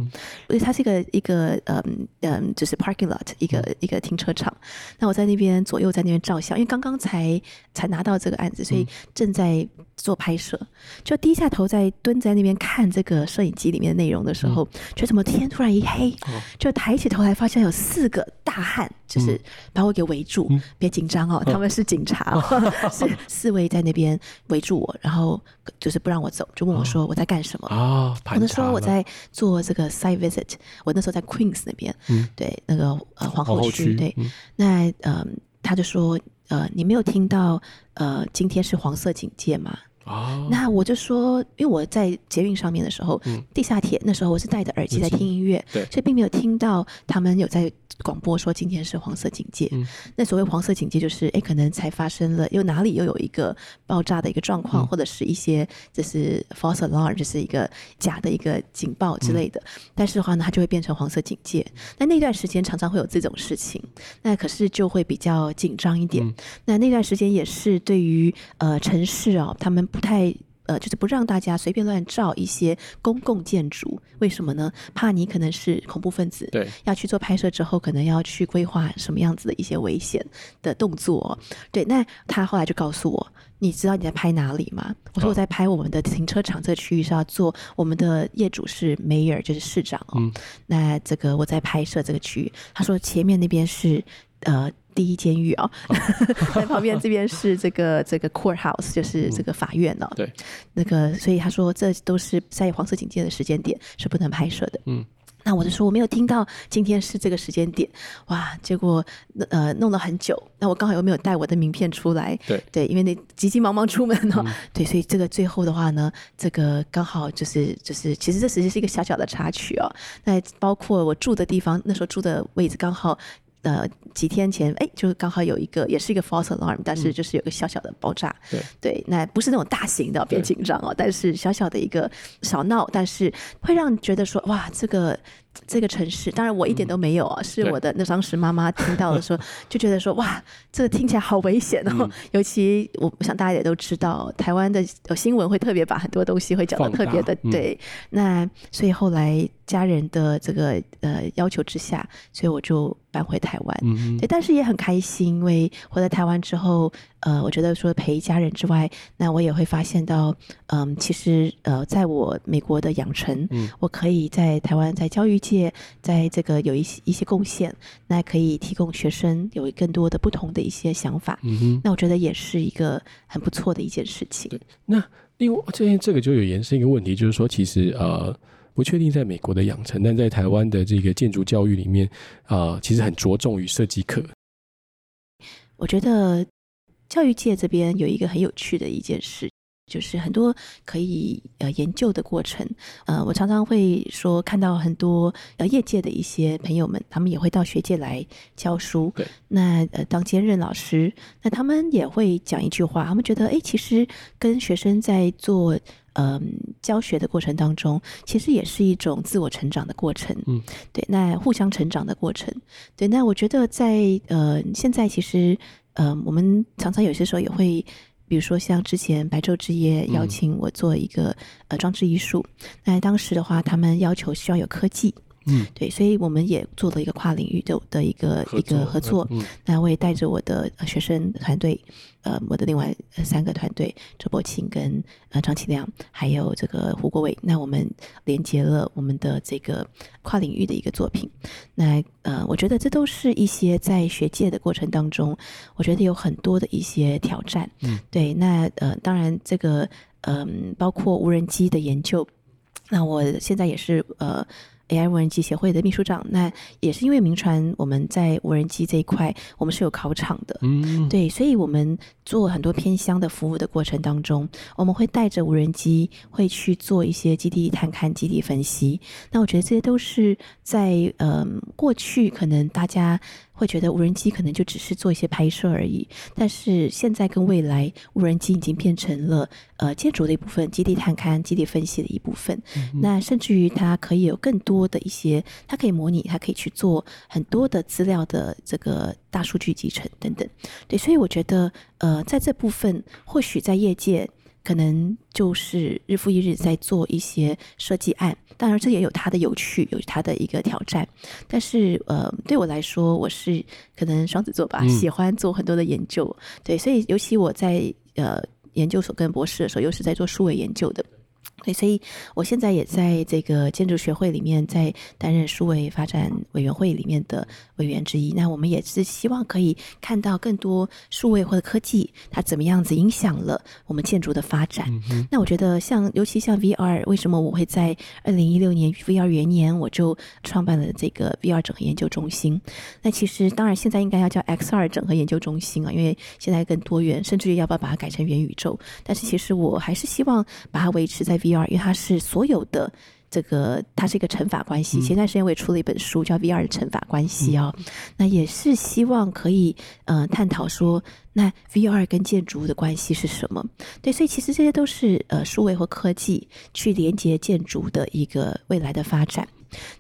所以它是一個一個嗯嗯就是 parking lot 一個、嗯、一個停車場。那我在那邊左右在那邊照相，因為剛剛才才拿到這個案子，所以正在做拍攝，就低下頭在蹲在那邊看這個。這個攝影機裡面的內容的時候，就、嗯、怎麼天突然一黑、嗯，就抬起頭來發現有四個大漢，就是把我給圍住。嗯、別緊張哦、嗯，他們是警察，啊、 是四位在那邊圍住我，然後就是不讓我走，就問我說我在幹什麼。啊，我是說我在做這個 site visit。我那時候在 Queens 那邊，對那個呃皇後區，對。那，個呃，嗯、對那呃，他就說呃，你沒有聽到呃，今天是黃色警戒嗎？Oh, 那我就說，因為我在捷運上面的時候，嗯、地下鐵那時候我是戴着耳機在聽音樂，是是對，所以並沒有聽到他們有在廣播說今天是黃色警戒。嗯、那所謂黃色警戒就是，哎，可能才發生了，又哪裡又有一個爆炸的一個狀況，嗯、或者是一些就是 false alarm，就是一個假的一個警報之類的、嗯。但是的話呢，它就會變成黃色警戒。那那段時間常常會有這種事情，那可是就會比較緊張一點。嗯、那那段時間也是對於呃城市哦，他們。不太呃，就是不讓大家隨便亂照一些公共建築，為什麼呢？怕你可能是恐怖分子，對，要去做拍攝之後，可能要去規劃什麼樣子的一些危險的動作，對。那他後來就告訴我，你知道你在拍哪裡嗎？我說我在拍我們的停車場這個區域是要做，我們的業主是 mayor，就是市長哦，嗯，那這個我在拍攝這個區域，他說前面那邊是。呃，第一監獄啊，oh. 在旁邊這邊是這個這個 courthouse，就是這個法院呢、哦。對、mm.，那個所以他說這都是在黃色警戒的時間點是不能拍攝的。嗯、mm.，那我就說我沒有聽到今天是這個時間點，哇！結果那呃弄了很久，那我剛好又沒有帶我的名片出來。對、mm. 對，因為那急急忙忙出門呢、哦，mm. 對，所以這個最後的話呢，這個剛好就是就是，其實這只是一個小小的插曲哦。那包括我住的地方，那時候住的位置剛好。呃，幾天前，哎、欸，就剛好有一個，也是一個 false alarm，但是就是有個小小的爆炸、嗯，對，那不是那種大型的，別緊張哦，但是小小的一個小鬧，但是會讓你覺得說，哇，這個。這個城市，當然我一點都沒有啊、嗯，是我的那當時媽媽聽到的時候就覺得說哇，這個聽起來好危險哦、嗯，尤其我我想大家也都知道，台灣的新聞會特別把很多東西會講得特別的、嗯、對，那所以後來家人的這個呃要求之下，所以我就搬回台灣、嗯，對，但是也很開心，因為回到台灣之後，呃，我覺得說陪家人之外，那我也會發現到，嗯、呃，其實呃，在我美國的養成，嗯、我可以在台灣在教育。界在這個有一些一些貢獻，那可以提供學生有更多的不同的一些想法。嗯哼，那我覺得也是一個很不錯的一件事情。對，那另外這這個就有延伸一個問題，就是說其實呃不確定在美國的養成，但在台灣的這個建築教育裡面啊，呃，其實很着重於設計課。我覺得教育界這邊有一個很有趣的一件事情。就是很多可以呃研究的過程，呃，我常常會說看到很多呃業界的一些朋友們，他們也會到學界來教書，對、okay.，那呃當兼任老師，那他們也會講一句話，他們覺得哎、欸，其實跟學生在做嗯、呃，教學的過程當中，其實也是一種自我成長的過程，嗯、mm.，對，那互相成長的過程，對，那我覺得在呃現在其實呃我們常常有些時候也會。比如說，像之前白晝之夜邀請我做一個呃裝置藝術，那、嗯、當時的話，他們要求需要有科技。嗯，對，所以我們也做了一個跨領域的一個一個合作。嗯，那我也帶着我的學生團隊，呃，我的另外三個團隊、嗯、周博清跟呃張啟亮，還有這個胡國偉。那我們連接了我們的這個跨領域的一個作品。那呃，我覺得這都是一些在學界的過程當中，我覺得有很多的一些挑戰。嗯，對。那呃，當然這個嗯、呃，包括無人機的研究。那我現在也是呃。AI 無人機協會的秘書長，那也是因為銘傳，我們在無人機這一塊，我們是有考場的，嗯，對，所以我們做很多偏鄉的服務的過程當中，我們會帶着無人機，會去做一些基地探勘、基地分析。那我覺得這些都是在嗯、呃、過去可能大家。會覺得無人機可能就只是做一些拍攝而已，但是現在跟未來，無人機已經變成了呃建築的一部分，基地探勘、基地分析的一部分。嗯。那甚至於它可以有更多的一些，它可以模擬，它可以去做很多的資料的這個大數據集成等等。對，所以我覺得呃，在這部分或許在業界。可能就是日復一日在做一些設計案，當然這也有它的有趣，有它的一個挑戰。但是呃，對我來說，我是可能雙子座吧，喜歡做很多的研究。嗯、對，所以尤其我在呃研究所跟博士的時候，又是在做數位研究的。對，所以我現在也在這個建築學會裡面，在擔任數位發展委員會裡面的委員之一。那我們也是希望可以看到更多數位或者科技，它怎麼樣子影響了我們建築的發展。那我覺得，像尤其像 VR，為什麼我會在二零一六年 VR 元年我就創辦了這個 VR 整合研究中心？那其實當然現在應該要叫 XR 整合研究中心啊，因為現在更多元，甚至於要不要把它改成元宇宙？但是其實我還是希望把它維持在。VR 因為它是所有的這個，它是一個乘法關係。前段時間我也出了一本書，叫《VR 的乘法關係》哦，那也是希望可以呃探討說，那 VR 跟建築物的關係是什麼？對，所以其實這些都是呃數位和科技去連接建築的一個未來的發展。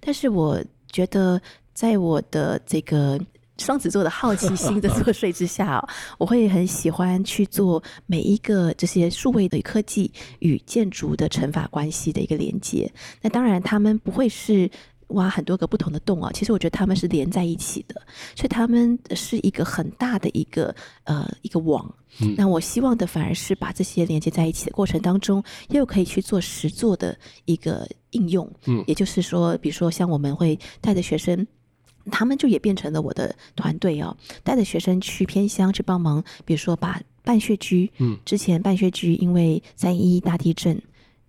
但是我覺得，在我的這個。雙子座的好奇心的作祟之下 我會很喜歡去做每一個這些數位的科技與建築的乘法關係的一個連接。那當然，他們不會是挖很多個不同的洞啊。其實我覺得他們是連在一起的，所以他們是一個很大的一個呃一個網。那我希望的反而是把這些連接在一起的過程當中，又可以去做實作的一個應用。也就是說，比如說像我們會帶着學生。他們就也變成了我的團隊哦，帶着學生去偏鄉去幫忙，比如說把半穴居，嗯，之前半穴居因為三一大地震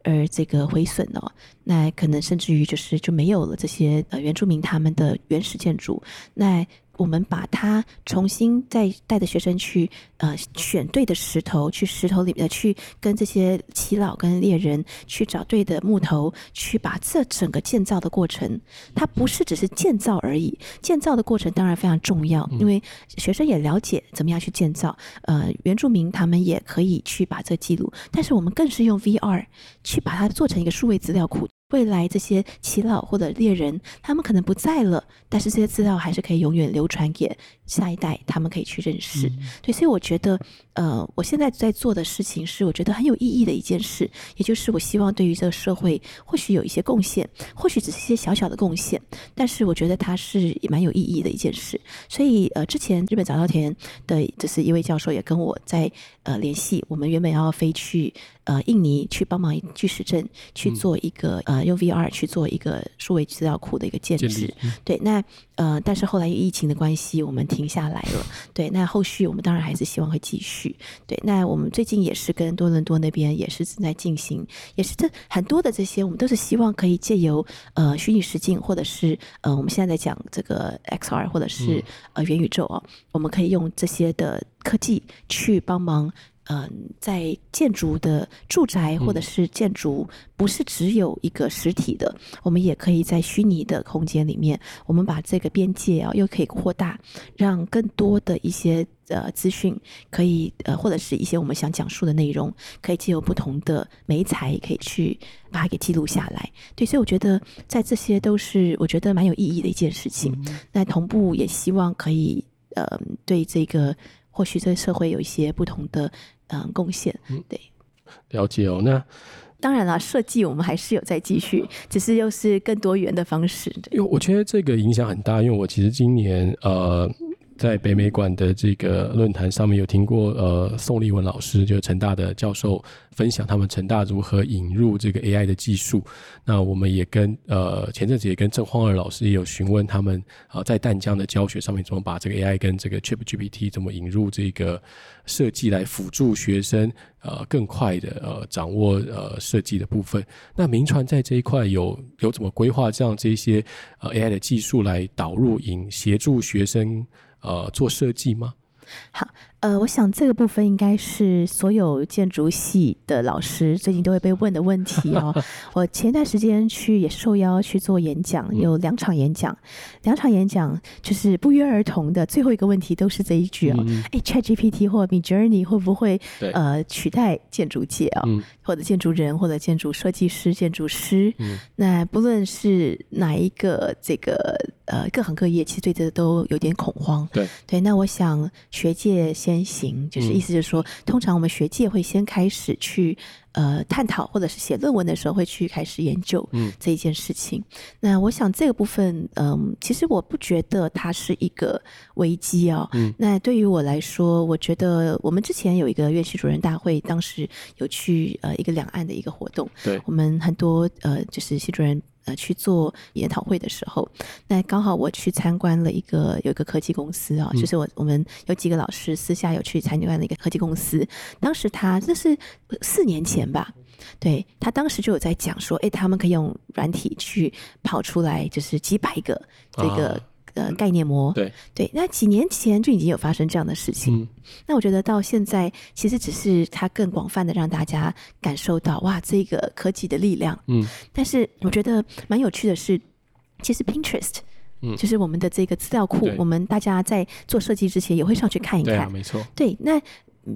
而這個毀損了，哦，那可能甚至於就是就沒有了這些原住民他們的原始建築，那，我們把它重新再帶着學生去，呃，選對的石頭，去石頭裡面去跟這些耆老跟獵人去找對的木頭，去把這整個建造的過程，它不是只是建造而已。建造的過程當然非常重要，因為學生也了解怎麼樣去建造。呃，原住民他們也可以去把這記錄，但是我們更是用 VR 去把它做成一個數位資料庫。未來這些耆老或者獵人，他們可能不在了，但是這些資料還是可以永遠流傳給下一代，他們可以去認識、嗯。對，所以我覺得，呃，我現在在做的事情是我覺得很有意義的一件事，也就是我希望對於這個社會或許有一些貢獻，或許只是一些小小的貢獻，但是我覺得它是蠻有意義的一件事。所以，呃，之前日本早稻田的這、就是一位教授也跟我在呃聯繫，我們原本要飛去。呃，印尼去幫忙巨石陣去做一個、嗯、呃，用 VR 去做一個數位資料庫的一個建，建立、嗯。對，那呃，但是後來因疫情的關係，我們停下來了。對，那後續我們當然還是希望會繼續。對，那我們最近也是跟多倫多那邊也是正在進行，也是這很多的這些，我們都是希望可以借由呃虛擬實境或者是呃我們現在在講這個 XR 或者是、嗯、呃元宇宙哦，我們可以用這些的科技去幫忙。嗯，在建築的住宅或者是建築，不是只有一個實體的、嗯，我們也可以在虛擬的空間裡面，我們把這個邊界啊又可以擴大，讓更多的一些呃資訊可以呃或者是一些我們想講述的內容，可以借由不同的媒材可以去把它給記錄下來。對，所以我覺得在這些都是我覺得蠻有意義的一件事情。那、嗯、同步也希望可以嗯、呃，對這個或許這個社會有一些不同的。嗯，貢獻對，了解哦。那當然啦，設計我們還是有在繼續，只是又是更多元的方式。因為我覺得這個影響很大，因為我其實今年呃。在北美館的這個論壇上面，有聽過呃宋立文老師，就是成大的教授分享他們成大如何引入這個 AI 的技術。那我們也跟呃前陣子也跟鄭晃二老師也有詢問他們啊、呃、在淡江的教學上面，怎麼把這個 AI 跟這個 ChatGPT 怎麼引入這個設計來輔助學生呃更快的呃掌握呃設計的部分。那銘傳在這一塊有有怎麼規劃，這樣這些呃 AI 的技術來導入引協助學生？呃，做設計嗎？好。呃，我想這個部分應該是所有建築系的老師最近都會被問的問題哦。 我前段時間去也受邀去做演講，有兩場演講、嗯，兩場演講就是不約而同的最後一個問題都是這一句哦，哎，ChatGPT 或 Midjourney 會不會對呃取代建築界啊、哦嗯？或者建築人或者建築設計師、建築師？嗯、那不論是哪一個這個呃各行各業，其實對這都有點恐慌。對對，那我想學界。先行就是意思，就是說、嗯，通常我們學界會先開始去呃探討，或者是寫論文的時候會去開始研究這一件事情。嗯、那我想這個部分，嗯、呃，其實我不覺得它是一個危機哦、嗯。那對於我來說，我覺得我們之前有一個院系主任大會，當時有去呃一個兩岸的一個活動，對，我們很多呃就是系主任。呃，去做研討會的時候，那剛好我去參觀了一個有一個科技公司啊、哦，就是我我們有幾個老師私下有去參觀了一個科技公司，當時他這是四年前吧，對他當時就有在講說，哎，他們可以用軟體去跑出來，就是幾百個這個。的概念模對對，那幾年前就已經有發生這樣的事情。嗯，那我覺得到現在其實只是它更廣泛的讓大家感受到哇，這個科技的力量。嗯，但是我覺得蠻有趣的是，其實 Pinterest，嗯，就是我們的這個資料庫，我們大家在做設計之前也會上去看一看，對啊，沒錯，對那。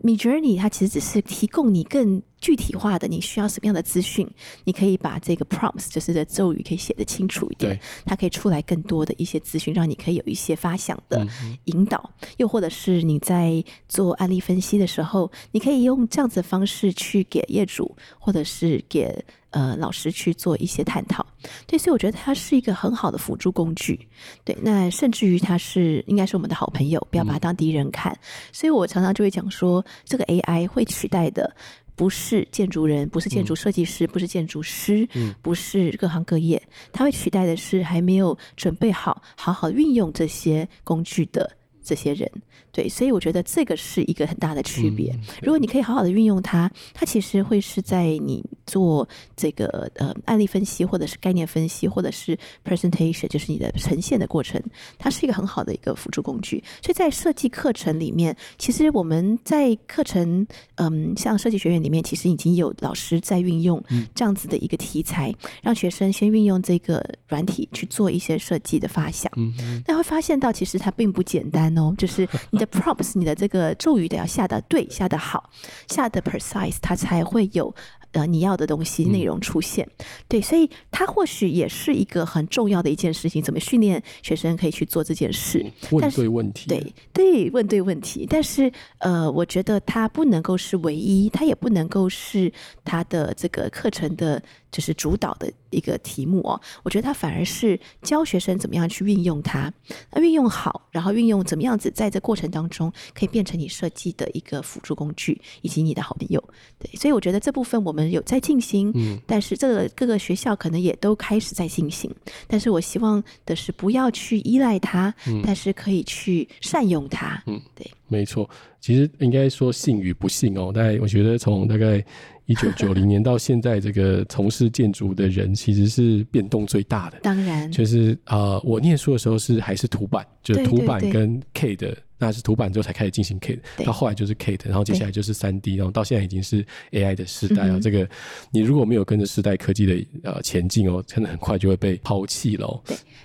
Midjourney 它其實只是提供你更具體化的你需要什麼樣的資訊，你可以把這個 prompts 就是的咒語可以寫得清楚一點，它可以出來更多的一些資訊，讓你可以有一些發想的引導、嗯，又或者是你在做案例分析的時候，你可以用這樣子的方式去給業主或者是給。呃，老師去做一些探討，對，所以我覺得它是一個很好的輔助工具。對，那甚至於它是應該是我們的好朋友，不要把它當敵人看、嗯。所以我常常就會講說，這個 AI 會取代的不是建築人，不是建築設計師、嗯，不是建築師、嗯，不是各行各業，它會取代的是還沒有準備好好好運用這些工具的這些人。對，所以我覺得這個是一個很大的區別。如果你可以好好的運用它，它其實會是在你做這個呃案例分析，或者是概念分析，或者是 presentation，就是你的呈現的過程，它是一個很好的一個輔助工具。所以在設計課程裡面，其實我們在課程嗯，像設計學院裡面，其實已經有老師在運用這樣子的一個題材，讓學生先運用這個軟體去做一些設計的發想，嗯、但會發現到其實它並不簡單哦，就是你。props，你的這個咒語得要下得對，下得好，下得 precise，它才會有呃你要的東西內容出現。嗯。對，所以它或許也是一個很重要的一件事情，怎麼訓練學生可以去做這件事？問對問題，但是對對，問對問題。但是呃，我覺得它不能夠是唯一，它也不能夠是它的這個課程的。就是主導的一個題目哦，我覺得它反而是教學生怎麼樣去運用它，那運用好，然後運用怎麼樣子，在這過程當中可以變成你設計的一個輔助工具以及你的好朋友。對，所以我覺得這部分我們有在進行，嗯，但是這個各個學校可能也都開始在進行。但是我希望的是不要去依賴它，嗯，但是可以去善用它。嗯，對，沒錯。其實應該說信與不信哦，大概我覺得從大概。一九九零年到現在，這個從事建築的人其實是變動最大的。 當然，就是啊、呃，我念書的時候是還是圖版，就圖版跟 K 的。對對對那是圖版之後才開始進行 CAD，到後來就是 CAD，然後接下來就是三 D，然後到現在已經是 AI 的時代了、啊嗯、這個你如果沒有跟着時代科技的呃前進哦，可能很快就會被拋棄了。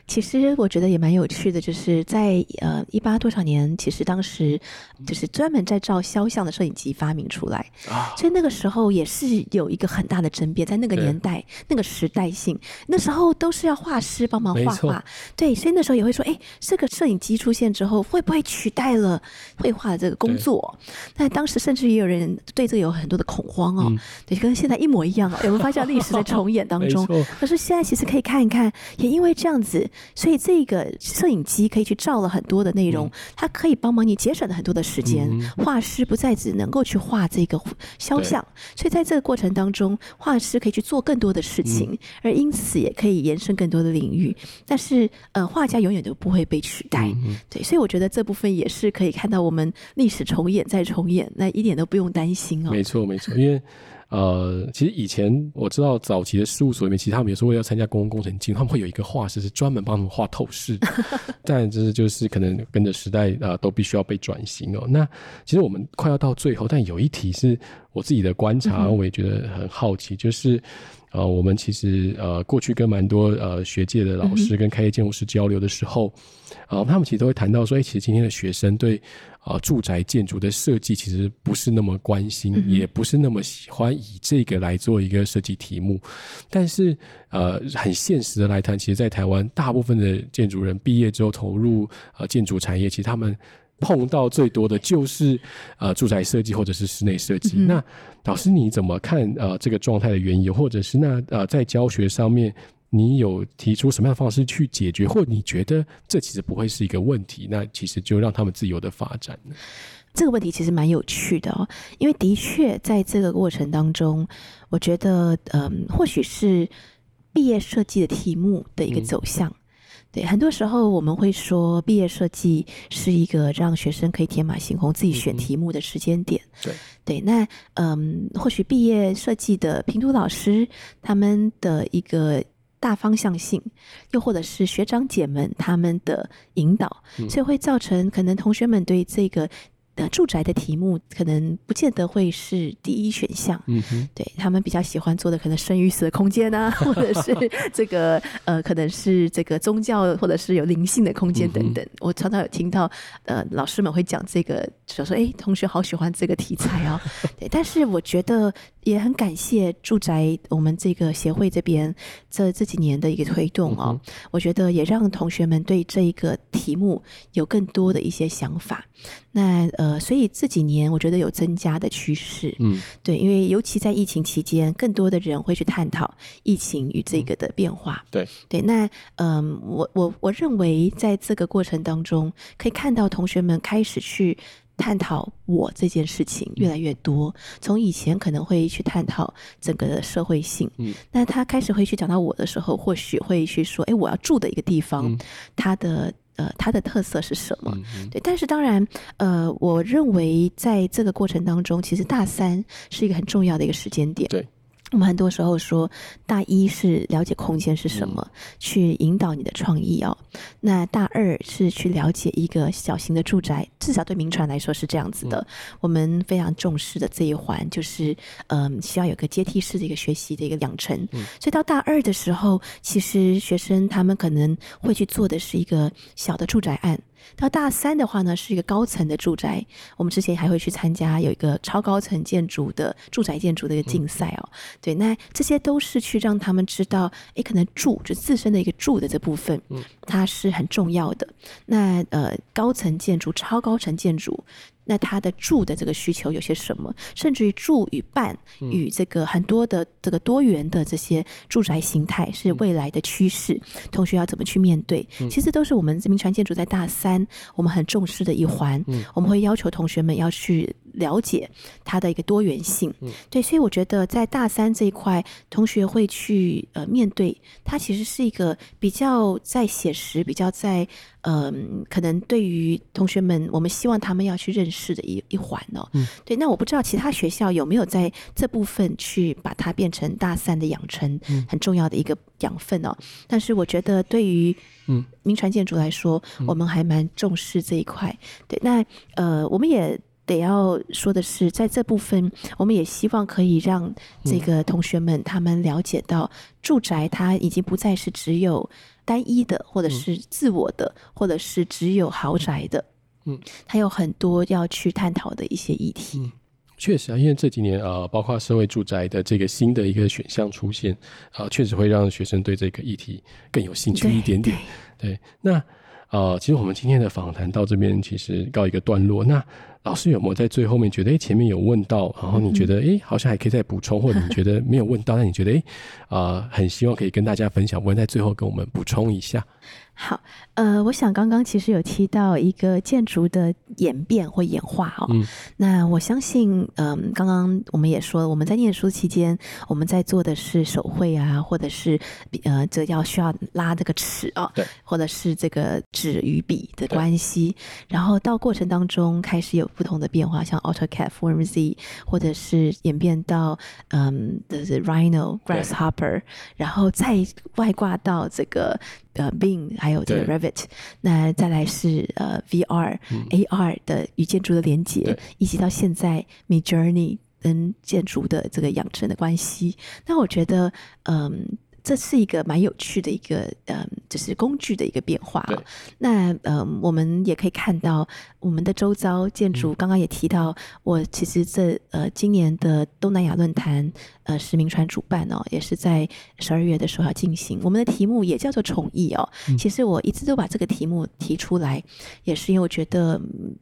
其實我覺得也蠻有趣的，就是在呃一八多少年，其實當時就是專門在照肖像的攝影機發明出來，嗯、所以那個時候也是有一個很大的爭辯，在那個年代、那個時代性，那時候都是要畫師幫忙畫畫，對，所以那時候也會說，哎，這個攝影機出現之後，會不會取代？愛了繪畫的這個工作，但當時甚至也有人對這個有很多的恐慌哦，嗯、對，跟現在一模一樣哦。有沒有發現歷史在重演當中？ 可是現在其實可以看一看，也因為這樣子，所以這個攝影機可以去照了很多的內容，嗯、它可以幫忙你節省了很多的時間。嗯、畫師不再只能夠去畫這個肖像，所以在這個過程當中，畫師可以去做更多的事情，嗯、而因此也可以延伸更多的領域。但是呃，畫家永遠都不會被取代，嗯、對，所以我覺得這部分也是。是可以看到我們歷史重演再重演，那一點都不用擔心哦。沒錯沒錯，因為呃，其實以前我知道早期的事務所裡面，其實他們有時候要參加公共工程金，他們會有一個畫師是專門幫他們畫透視， 但是就是可能跟着時代啊、呃，都必須要被轉型哦。那其實我們快要到最後，但有一題是我自己的觀察，我也覺得很好奇，嗯、就是。呃，我們其實呃，過去跟蠻多呃學界的老師跟開業建築師交流的時候、嗯，呃，他們其實都會談到說、欸，其實今天的學生對呃住宅建築的設計其實不是那麼關心、嗯，也不是那麼喜歡以這個來做一個設計題目。但是呃，很現實的來談，其實，在台灣大部分的建築人畢業之後投入呃建築產業，其實他們。碰到最多的就是呃住宅設計或者是室內設計。嗯、那老師你怎麼看呃這個狀態的原因，或者是那呃在教學上面你有提出什麼樣的方式去解決，或你覺得這其實不會是一個問題？那其實就讓他們自由的發展。這個問題其實蠻有趣的哦，因為的確在這個過程當中，我覺得嗯、呃、或許是畢業設計的題目的一個走向。嗯對，很多時候我們會說畢業設計是一個讓學生可以天馬行空、自己選題目的時間點。嗯、對，對，那嗯，或許畢業設計的評圖老師他們的一個大方向性，又或者是學長姐們他們的引導，所以會造成可能同學們對這個。呃，住宅的題目可能不見得會是第一選項，嗯哼，對，他們比較喜歡做的可能生與死的空間啊， 或者是這個呃，可能是這個宗教或者是有靈性的空間等等。嗯、我常常有聽到呃，老師們會講這個，就說哎，同學好喜歡這個題材哦。。 對，但是我覺得也很感謝住宅我們這個協會這邊這這幾年的一個推動哦、嗯，我覺得也讓同學們對這一個題目有更多的一些想法。那呃。呃，所以這幾年我覺得有增加的趨勢，嗯，對，因為尤其在疫情期間，更多的人會去探討疫情與這個的變化，嗯、對對。那嗯、呃，我我我認為在這個過程當中，可以看到同學們開始去探討我這件事情越來越多。從、嗯、以前可能會去探討整個的社會性，嗯，那他開始會去講到我的時候，或許會去說，哎、欸，我要住的一個地方，嗯、他的。呃，它的特色是什麼？嗯嗯，對，但是當然，呃，我認為在這個過程當中，其實大三是一個很重要的一個時間點。對。我們很多時候說，大一是了解空間是什麼、嗯，去引導你的創意哦。那大二是去了解一個小型的住宅，至少對銘傳來說是這樣子的。嗯、我們非常重視的這一環，就是嗯、呃，需要有個階梯式的一個學習的一個養成、嗯。所以到大二的時候，其實學生他們可能會去做的是一個小的住宅案。到大三的話呢，是一個高層的住宅。我們之前還會去參加有一個超高層建築的住宅建築的一個競賽哦。對，那這些都是去讓他們知道，哎，可能住就自身的一個住的這部分，它是很重要的。那呃，高層建築、超高層建築。那它的住的這個需求有些什麼？甚至於住與辦與這個很多的這個多元的這些住宅形態是未來的趨勢，嗯、同學要怎麼去面對？嗯、其實都是我們這銘傳建築在大三我們很重視的一環、嗯，我們會要求同學們要去。了解它的一個多元性，對，所以我覺得在大三這一塊，同學會去呃面對它，其實是一個比較在寫實、比較在嗯、呃，可能對於同學們，我們希望他們要去認識的一一環哦、嗯。對，那我不知道其他學校有沒有在這部分去把它變成大三的養成很重要的一個養分哦。嗯、但是我覺得對於嗯，銘傳建築來說、嗯，我們還蠻重視這一塊。對，那呃，我們也。得要說的是，在這部分，我們也希望可以讓這個同學們他們了解到，住宅它已經不再是只有單一的，或者是自我的，或者是只有豪宅的。嗯，它有很多要去探討的一些議題。嗯，嗯嗯嗯，確實啊，因為這幾年啊、呃，包括社會住宅的這個新的一個選項出現啊，呃，確實會讓學生對這個議題更有興趣一點點。對，對對，那呃，其實我們今天的訪談到這邊其實告一個段落。那老師有沒有在最後面覺得，哎、欸，前面有問到，然後你覺得，哎、欸，好像還可以再補充，或者你覺得沒有問到，那 你覺得，哎、欸，啊、呃，很希望可以跟大家分享，不然在最後跟我們補充一下。好，呃，我想剛剛其實有提到一個建築的演變或演化哦。嗯。那我相信，嗯，剛剛我們也說了，我們在念書期間，我們在做的是手繪啊，或者是比，呃，這要需要拉這個尺哦。對。或者是這個紙與筆的關係，然後到過程當中開始有不同的變化，像 AutoCAD、Form Z，或者是演變到，嗯，這是 Rhino Grasshopper、Grasshopper，然後再外掛到這個。呃 BIM 還有這個 Revit，那再來是呃、uh, VR、嗯、AR 的與建築的連接，以、嗯、及到現在 Midjourney 跟建築的這個養成的關係。那我覺得，嗯、um,。這是一個蠻有趣的一個嗯、呃，就是工具的一個變化，哦 yes. 那嗯、呃，我們也可以看到我們的周遭建築，剛剛也提到，我其實這呃今年的東南亞論壇呃是銘傳主辦哦，也是在十二月的時候要進行。我們的題目也叫做“寵藝”哦。Mm. 其實我一直都把這個題目提出來，也是因為我覺得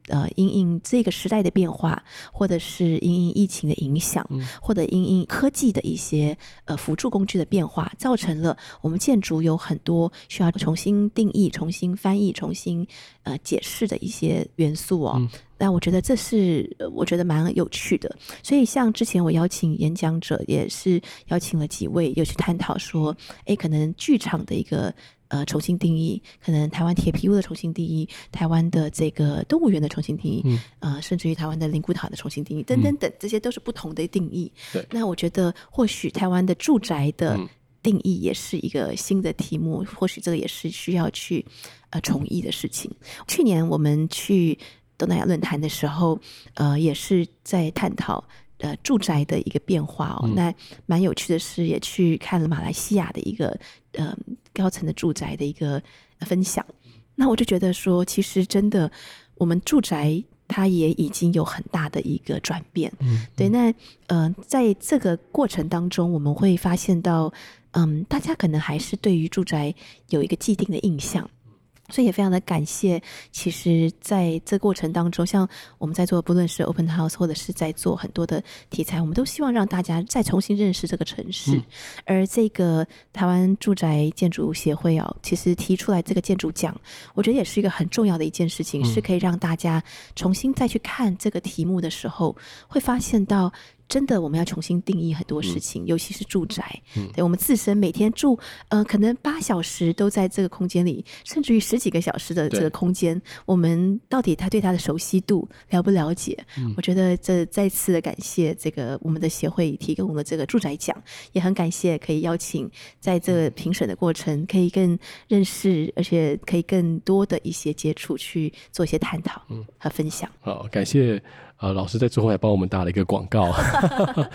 呃，因應這個時代的變化，或者是因應疫情的影響，mm. 或者因應科技的一些呃輔助工具的變化造。做成了我們建築有很多需要重新定義、重新翻譯、重新呃解釋的一些元素哦。那、嗯、我覺得這是我覺得蠻有趣的。所以像之前我邀請演講者也是邀請了幾位，有去探討說，誒，可能劇場的一個呃重新定義，可能台灣鐵皮屋的重新定義，台灣的這個動物園的重新定義，嗯、呃，甚至於台灣的靈骨塔的重新定義，等等等，這些都是不同的定義。對、嗯，那我覺得或許台灣的住宅的、嗯。定義也是一個新的題目，或許這個也是需要去呃重議的事情，嗯。去年我們去東南亞論壇的時候，呃，也是在探討呃住宅的一個變化哦。嗯、那蠻有趣的是，也去看了馬來西亞的一個呃高層的住宅的一個分享。那我就覺得說，其實真的我們住宅。它也已經有很大的一個轉變，嗯嗯，對。那，嗯、呃，在這個過程當中，我們會發現到，嗯、呃，大家可能還是對於住宅有一個既定的印象。所以也非常的感謝，其實在這過程當中，像我們在做不論是 Open House，或者是在做很多的題材，我們都希望讓大家再重新認識這個城市。而這個台灣住宅建築協會哦，其實提出來這個建築獎，我覺得也是一個很重要的一件事情，是可以讓大家重新再去看這個題目的時候，會發現到。真的，我們要重新定義很多事情，嗯、尤其是住宅。嗯、對，我們自身每天住，呃，可能八小時都在這個空間裡，甚至於十幾個小時的這個空間，我們到底他對他的熟悉度了不了解、嗯？我覺得這再次的感謝這個我們的協會提供我們的這個住宅獎，也很感謝可以邀請，在這個評審的過程，可以更認識，而且可以更多的一些接觸去做一些探討和分享。嗯、好，感謝。呃，老師在最後還幫我們打了一個廣告，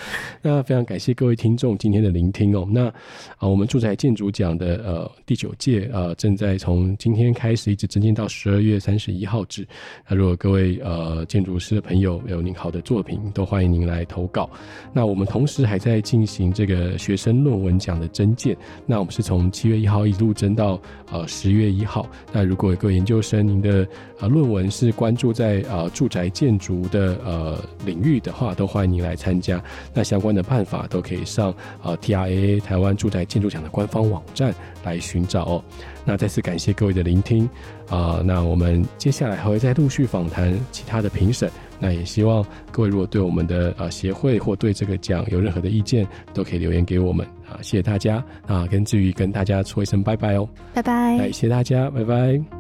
那非常感謝各位聽眾今天的聆聽哦。那啊、呃，我們住宅建築獎的呃第九屆呃正在從今天開始一直徵件到十二月三十一號止。那如果各位呃建築師的朋友有您好的作品，都歡迎您來投稿。那我們同時還在進行這個學生論文獎的徵件。那我們是從七月一號一路徵到呃十月一號。那如果各位研究生您的。呃，論文是關注在呃住宅建築的呃領域的話，都歡迎您來參加。那相關的辦法都可以上呃 TRAA 台灣住宅建築獎的官方網站來尋找哦。那再次感謝各位的聆聽啊、呃！那我們接下來還會再陸續訪談其他的評審。那也希望各位如果對我們的呃協會或對這個獎有任何的意見，都可以留言給我們啊！謝謝大家啊！跟芝瑜跟大家說一聲拜拜哦，拜拜！來謝謝大家，拜拜。